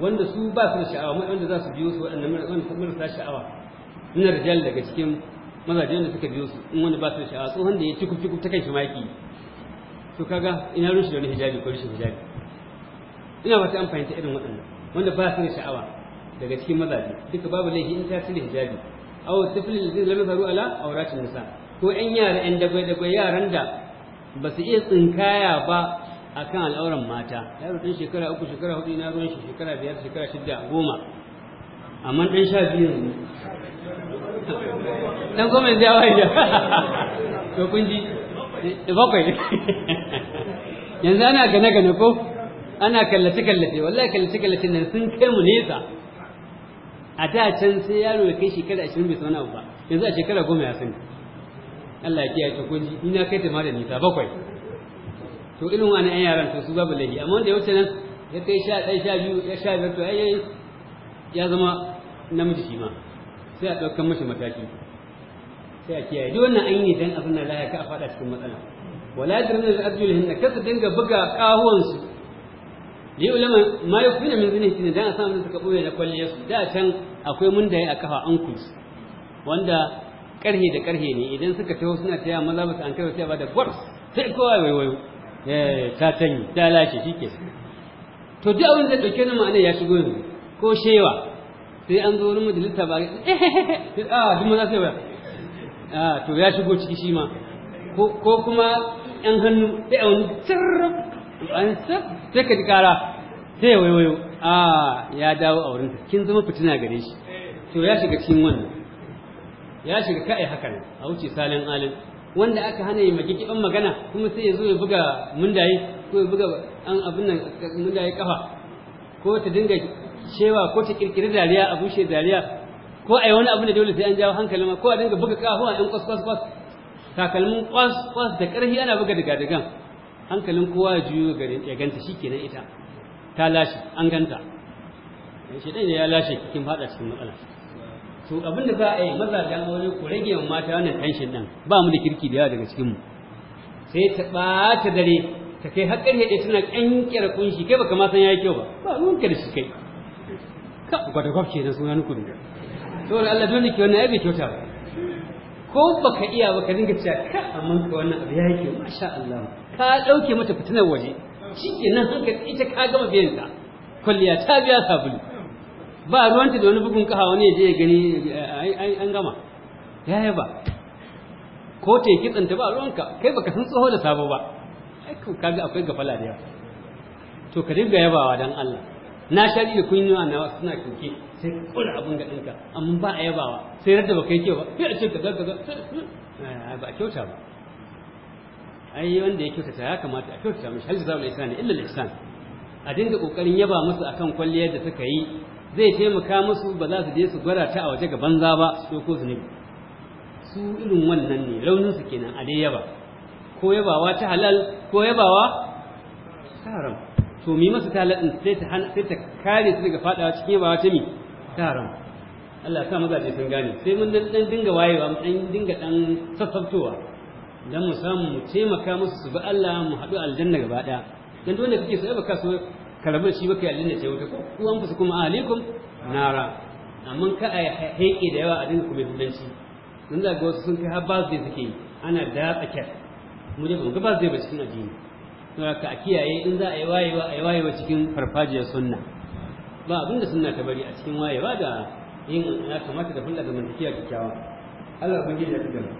wanda su ba su da sha'awa wanda za su biyo su waɗannan marasa sha'awa na rijal daga cikin mazaje wanda suka biyo su in wanda ba su da sha'awa tsohon da ya ciku ciku ta kai shi maki to kaga ina rushe da wani hijabi ko rushe hijabi ina wata an fahimta irin waɗannan wanda ba su da sha'awa daga cikin mazaje duka babu laifi in ta cire hijabi aw tiflil zai lam yadhharu ala awratin nisa ko ƴan yara ƴan dagwai dagwai yaran da ba su iya tsinkaya ba akan al'auran mata yaro ɗan shekara uku shekara hudu na ruwan shi shekara biyar shekara shida goma amma ɗan sha biyu ne ɗan goma yanzu ya waje to kun ji eh, bakwai yanzu ana gane gane ko ana kallace kallace wallahi kallace kallace nan sun kai mu nesa a da can sai yaro ya kai shekara 20 bai san ba yanzu a shekara 10 ya san. Allah ya kiyaye ta kunji ina kai ta ma da nisa bakwai to irin wani ɗan yaran to su babu lahi amma wanda ya wuce nan ya kai sha ɗaya sha biyu ya sha biyar to ai ya zama namiji shi ma sai a ɗaukar mashi mataki sai a kiyaye duk wannan an yi dan abin nan lafiya ka a faɗa cikin matsala wala dirna da arjulihin na kasa dinga buga kahuwansu. li ulama ma kuna min zini shine dan samu suka boye na kwalliyar su da can akwai mun da yi a kafa uncles wanda karhe da karhe ne idan suka taho suna taya maza ba su an kai ba da gwars sai kowa wai eh ta tanyi ta lace shike to duk abin da dauke na ma'ana ya shigo yanzu ko shewa sai an zo wani majalisa ba eh, a ah, duk maza sai ba a ah, to ya shigo ciki shi ma ko kuma yan hannu sai a wani tsirrab an sai ka ji kara sai ya waiwayo a ya dawo a wurinka kin zama fitina gare shi to ya shiga cikin wannan ya shiga kai haka ne a wuce salin alin wanda aka hana yi magigiban magana kuma sai ya zo ya buga mundaye ko ya buga an abin nan mundaye kafa ko ta dinga cewa ko ta kirkiri dariya a bushe dariya ko a yi wani abu da dole sai an jawo hankali ma ko a dinga buga kafa a ɗan kwas kwas kwas takalmin kwas kwas da ƙarfi ana buga daga-dagan. hankalin kowa ya juyo gare ya ganta kenan ita ta lashe an ganta dan shi ne ya lashe kin fada cikin matsala to abin da za a yi da wani ku rage wa mata wannan tension din ba mu da kirki da yawa daga cikin mu sai ta ɓata dare ta kai har ƙarfe ɗaya tana ƙyanƙyar kunshi kai baka ma san yayi kyau ba ba ruwan ka da shi kai ka kwata kwafce kenan sunan ku ne to Allah dole ki wannan ya bai kyauta ba ko baka iya ba ka dinga cewa ka amma ka wannan abu ya yake masha Allah ka dauke mata fitinar waje shikenan haka ita ka gama biyan ta kulliya ta biya sabulu ba ruwanta da wani bugun kaha wani je ya gani an gama yaya ba ko ta yi kitsanta ba ruwanka kai baka san tsoho da sabo ba ai kaga akwai gafala da yawa to ka dinga yabawa dan Allah na shari da kunyo na suna kinki sai ka kula abin ga ɗinka amma ba a yabawa sai radda kai kyau ba sai a ce ka kaza ba a kyauta ba ai wanda ya kyautata ya kamata a kyautata mishi hal isa ne illa al a dinga kokarin yaba musu akan kwalliyar da suka yi zai taimaka musu ba za su je su gwada ta a waje ga banza ba su ko su ne su irin wannan ne raunin su kenan a dai yaba ko yabawa ta halal ko yabawa ta haram to mi masu talatin sai ta sai ta kare su daga fadawa cikin yabawa ta mi ta Allah Allah sa mazaje sun gane sai mun dan dinga wayewa mu dan dinga dan sassaftowa dan mu samu mu taimaka musu su bi Allah mu haɗu aljanna gaba daya dan dole kake so baka so karabar shi kai aljanna ce wata ko uwan ku kuma ah, alaikum nara amma ka ai haƙe da yawa a dinga kuma hudanci dan da go wasu sun kai har bazai suke yi ana da tsake mu dai ban ga bazai ba cikin addini to ka a kiyaye in za a yi wayewa a yi wayewa cikin farfajiyar sunna ba abin da suna ta bari a cikin wayewa da yin ya kamata da fulla da mantakiya kyakkyawa Allah da ta tabbata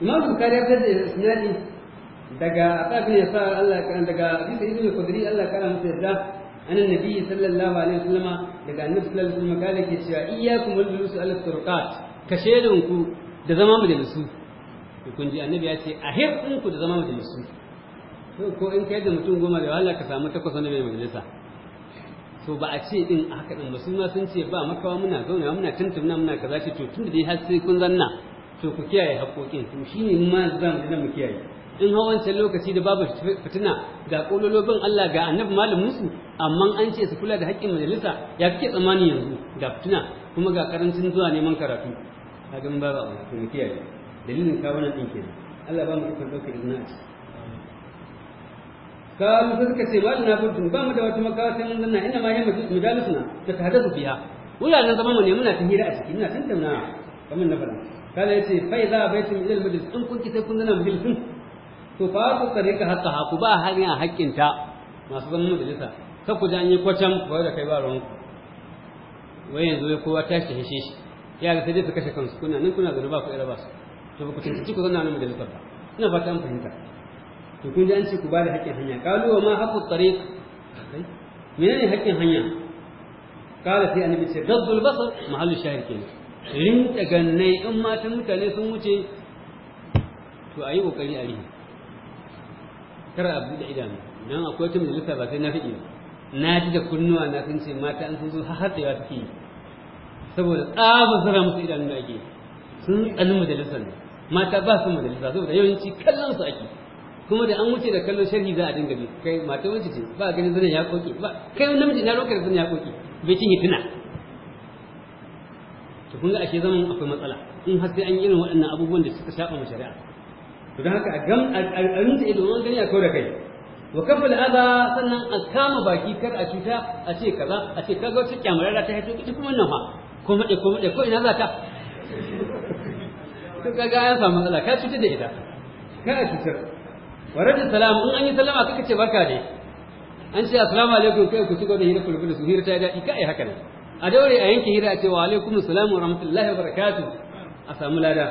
Imam Bukhari ya da isnadi daga ya sa Allah kan daga Abi Sa'id al-Khudri Allah kana masa yadda an annabi sallallahu alaihi wasallama daga annabi sallallahu alaihi wasallam kale ke cewa iyyakum wal julus ala turqat kashedan ku da zama majalisu kun ji annabi ya ce a zama ku da zama majalisu ko in kai da mutum goma da wahala ka samu takwas wanda mai majalisa to ba a ce din haka din ba sun ma sun ce ba makawa muna zauna muna tantuna muna kaza ce to tun da dai har sai kun zanna to ku kiyaye haƙoƙin to shine ma zan da mu kiyaye in wancan lokaci da babu fitina ga kololobin Allah ga annabi malam musu amma an ce su kula da haƙƙin majalisa ya kike tsamani yanzu ga fitina kuma ga karancin zuwa neman karatu kaga mun ba ba mu kiyaye dalilin kawunan din kenan Allah ba mu ikon dauke izina kalu sai suka ce wal nabudun ba mu da wata makawa sai mun zanna inna ma yamma mujalisuna ta su biya wuraren zaman mu ne muna ta hira a ciki muna tantauna kamar na faɗa kana yace fa idza baitum ila al-majlis in kun sai kun zanna majalisin to fa ku tsare ka hakka ha ku ba hanya hakkin ta masu zaman majalisa ka ku ji an yi kwacam ba da kai ba ruwan wai yanzu ya kowa tashi hishe shi ya ga sai dai su kashe kansu kuna nan kuna zuri ba ku ira ba su to ba ku tuntuci ku zanna nan majalisar ba ina fata an fahimta to kun ji an ce ku ba da haƙƙin hanya kalu wa ma haqqu tariq eh? menene haƙƙin hanya kala sai annabi ce gaddul basar mahallu ke rin ta ganne in matan mutane sun wuce to ayi kokari a rihi kar a buɗe idanu dan akwai wata majalisa ba sai na fiɗi ba na ji da kunnuwa na sun ce mata an sun zo har hatsewa suke saboda tsaba zara musu idanu da ake sun tsani majalisar ne mata ba su majalisa saboda yawanci kallon su ake kuma da an wuce da kallon sharhi za a dinga bi kai mata wuce ce ba ganin zanen ya koki ba kai namiji na lokacin zanen ya koki bai cin hituna to kun ga ashe zaman akwai matsala in har sai an yi irin waɗannan abubuwan da suka shafa mashari'a to don haka a gam a rinta ido wani gani a kawo da kai wa kafal aza sannan a kama baki kar a cuta a ce kaza a ce kaga wata kyamarara ta haito ita kuma wannan fa ko maɗe ko maɗe ko ina za ta to kaga an samu matsala ka cuta da ita ka cutar wa da salam in an yi salama kaka ce barka ne an ce assalamu alaikum kai ku ci gaba da hira kullu su hira ta yi daɗi kai haka ne a daure a yanke hira a ce wa alaikum salam wa rahmatullahi wa barakatuh a samu lada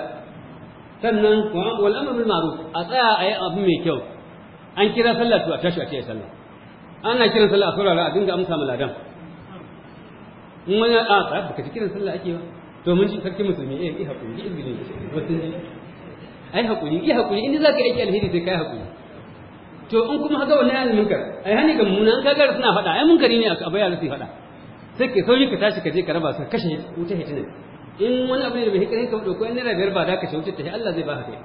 sannan wal amru bil ma'ruf a tsaya a yi abu mai kyau an kira sallah to a tashi a ce sallah ana kiran sallah a saurara a dinga amsa maladan in wani a tsaya baka ji kiran sallah ake ba to mun ji sarki musulmi eh yi ji izini wasu ji ai hakuri yi hakuri inda zaka aiki alheri sai kai hakuri to in kuma haka wallahi al munkar ai hani ga mun an kaga suna faɗa ai munkari ne a bayar su faɗa sai ke sauri ka tashi ka je ka raba su kashe wuta hitina in wani abu ne da bai hikarin ka dauko naira biyar ba da ka ce wuta ta Allah zai ba ka kai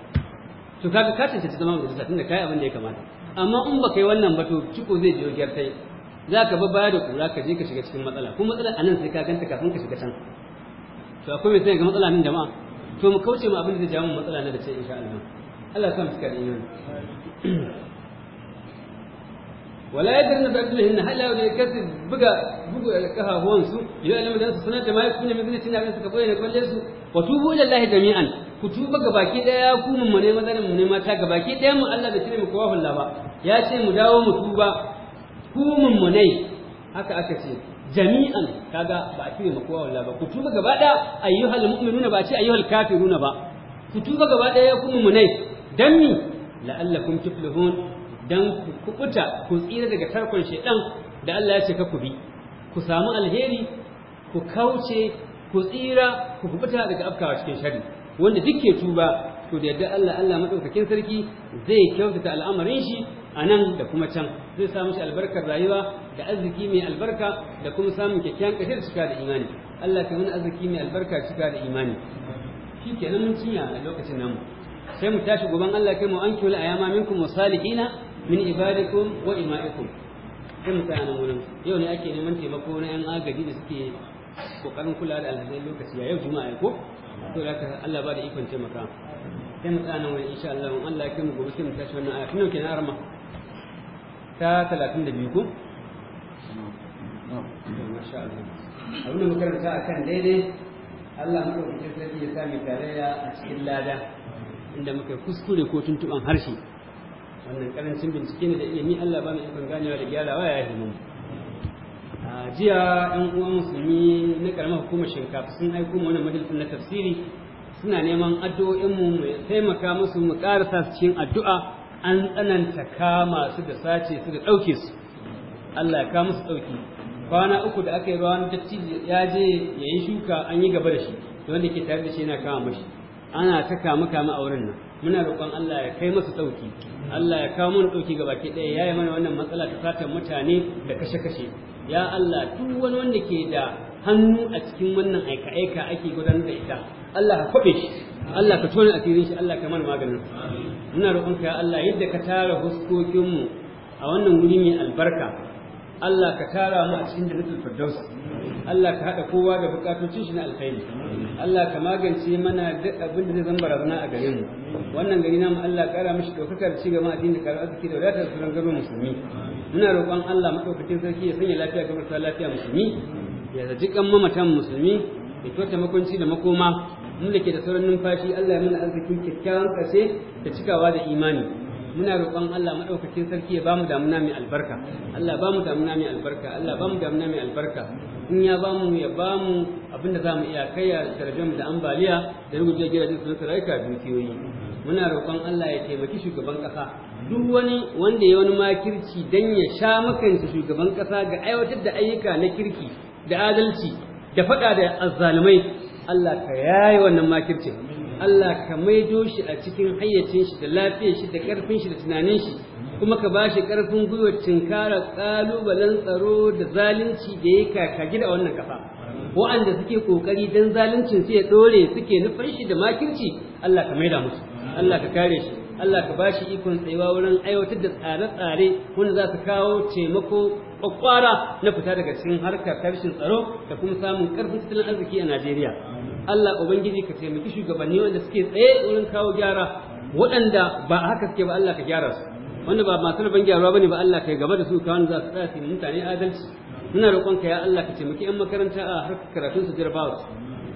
to kaga ka ta zama mai zata tunda kai abin da ya kamata amma in ba kai wannan ba to ciko zai je gyar tai za ka baya da kura ka je ka shiga cikin matsala kuma matsala anan sai ka ganta kafin ka shiga can to akwai mai sai ga matsala nan jama'a to mu kauce ma abin da zai mu matsala na da ce insha Allah Allah san fuskar imani wala da bi arjulihin hala wa yakasib buga buga kahahuwan su ya alama da su sanata mai yakuna min zinatin abin suka bayyana kwalle su wa tubu ila Allah jami'an ku tuba gabaki daya ku mun mune mazanin mu ne mata gabaki daya mu Allah bai cire mu kowa hulla ba ya ce mu dawo mu tuba ku mun mune haka aka ce jami'an kaga ba a cire makowa wallahi ba ku tuba gaba daya ayyuhal mu'minuna ba a ce ayyuhal kafiruna ba ku tuba gaba daya kunu munai dan mi la'allakum tuflihun dan ku kubuta ku tsira daga tarkon shedan da Allah ya ce ka ku bi ku samu alheri ku kauce ku tsira ku kubuta daga afkawa cikin shari wanda duk ke tuba to da yadda Allah Allah madaukakin sarki zai kyautata al'amarin shi a nan da kuma can zai samu shi albarkar rayuwa da arziki mai albarka da kuma samun kyakkyawan ƙashe da cika da imani Allah ka wani arziki mai albarka cika da imani shi kenan mun cinya a lokacin nan? sai mu tashi goban Allah kai mu an kiwul ayama minkum wasalihina min ibadikum wa ima'ikum sai mu tsaya nan wurin yau ne ake neman taimako na yan agaji da suke kokarin kula da alhazai lokaci ya yau juma'a ko to da Allah ba da ikon taimaka sai mu tsaya nan wurin insha Allah Allah ya kai mu gobe sai mu tashi wannan aya kuma kenan arma ta 32 ko abin da karanta a kan daidai Allah maɗaukakin sarki ya sami tarayya a cikin lada inda muka kuskure ko tuntuɓan harshe wannan karancin bincike ne da iya ni Allah ba mu ikon ganewa da gyarawa ya yi mu a jiya ɗan uwan musulmi na karamar hukumar shinkafa sun aiko mu wannan majalisar na tafsiri suna neman addu'o'in mu mu taimaka musu mu ƙarasa cikin addu'a an tsananta kama su da sace su da ɗauke su Allah ya kama musu ɗauki kwana uku da aka yi rawan wani ya je ya yi shuka an yi gaba da shi da wanda ke tare da shi yana kama mashi ana ta kama kama a wurin nan muna roƙon Allah ya kai masa ɗauki Allah ya kawo mana ɗauki gaba ɗaya ya yi mana wannan matsala ta satan mutane da kashe-kashe ya Allah duk wani wanda ke da hannu a cikin wannan aika-aika ake gudanar da ita Allah ka kwaɓe shi Allah ka tona asirin shi Allah ka mana maganin muna roƙonka ya Allah yadda ka tara huskokinmu a wannan wuri mai albarka Allah ka tara mu a cikin jannatul firdaus Allah ka haɗa kowa da bukatocin shi na alkhairi Allah ka magance mana duk abin da zai zama barazana a gare mu wannan gari namu Allah ƙara mishi ɗaukakar ci gaba addini da karar arziki da wadatar sauran gaba musulmi muna roƙon Allah maɗaukakin sarki ya sanya lafiya ga marasa lafiya musulmi ya zaji kan mamatan musulmi ya kyauta makwanci da makoma mun da ke da sauran numfashi Allah ya mana arzikin kyakkyawan ƙarshe da cikawa da imani muna roƙon Allah madaukakin sarki ya bamu damuna mai albarka Allah bamu damuna mai albarka Allah bamu damuna mai albarka in ya bamu ya bamu abinda zamu iya kai ya mu da ambaliya da da gidajen sun saraika dukiyoyi muna roƙon Allah ya taimaki shugaban ƙasa duk wani wanda ya wani makirci dan ya sha makanta shugaban ƙasa ga aiwatar da ayyuka na kirki da adalci da faɗa da azzalumai Allah ka yaye wannan makircin Allah ka maido shi a cikin hayyacin shi da lafiyar shi da karfin shi da tunanin shi kuma ka ba shi karfin gwiwar tinkara ƙalubalen tsaro da zalunci da ya kakagi da wannan kafa wa'anda suke kokari don zaluncin su ya ɗore, suke nufin shi da makirci Allah ka maida musu Allah ka kare shi Allah ka bashi ikon tsayuwa wurin aiwatar da tsare-tsare wanda za su kawo taimako kwakwara na fita daga cikin harkar karshen tsaro da kuma samun karfin tattalin arziki a Najeriya Allah ubangiji ka taimaki shugabanni wanda suke tsaye wurin kawo gyara waɗanda ba haka suke ba Allah ka gyara su wanda ba masu rabon gyara bane ba Allah ka gaba da su ka wanda za su tsaya su mutane adalci muna roƙon ka ya Allah ka taimaki 'yan makaranta a harkar karatun su jarabawa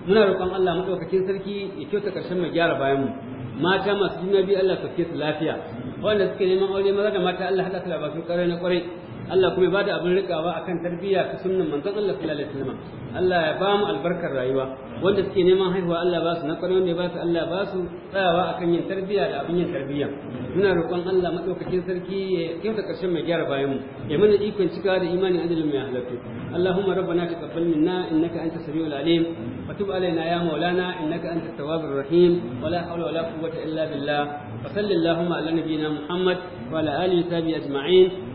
muna roƙon Allah maɗaukakin sarki ya kyauta ƙarshen mai gyara bayan mu mata masu juna biyu Allah sauke su lafiya wanda suke neman aure maza da mata Allah haɗa su da ƙwarai na ƙwarai Allah kuma ba da abin rikawa akan tarbiyya ta sunnan manzon Allah sallallahu alaihi wasallam Allah ya ba mu albarkar rayuwa wanda suke neman haihuwa Allah ba su na kwarai wanda ya ba su Allah ba su tsayawa akan yin tarbiyya da abin yin tarbiyya muna roƙon Allah madaukakin sarki ya kyauta ƙarshen mai gyara bayan mu ya mana ikon cika da imanin adalin mai halatu Allahumma rabbana taqabbal minna innaka antas samiul alim wa tub alaina ya maulana innaka antat tawwabur rahim wa la hawla wa la quwwata illa billah wa sallallahu ala nabiyyina muhammad wa ala alihi wa sahbihi ajma'in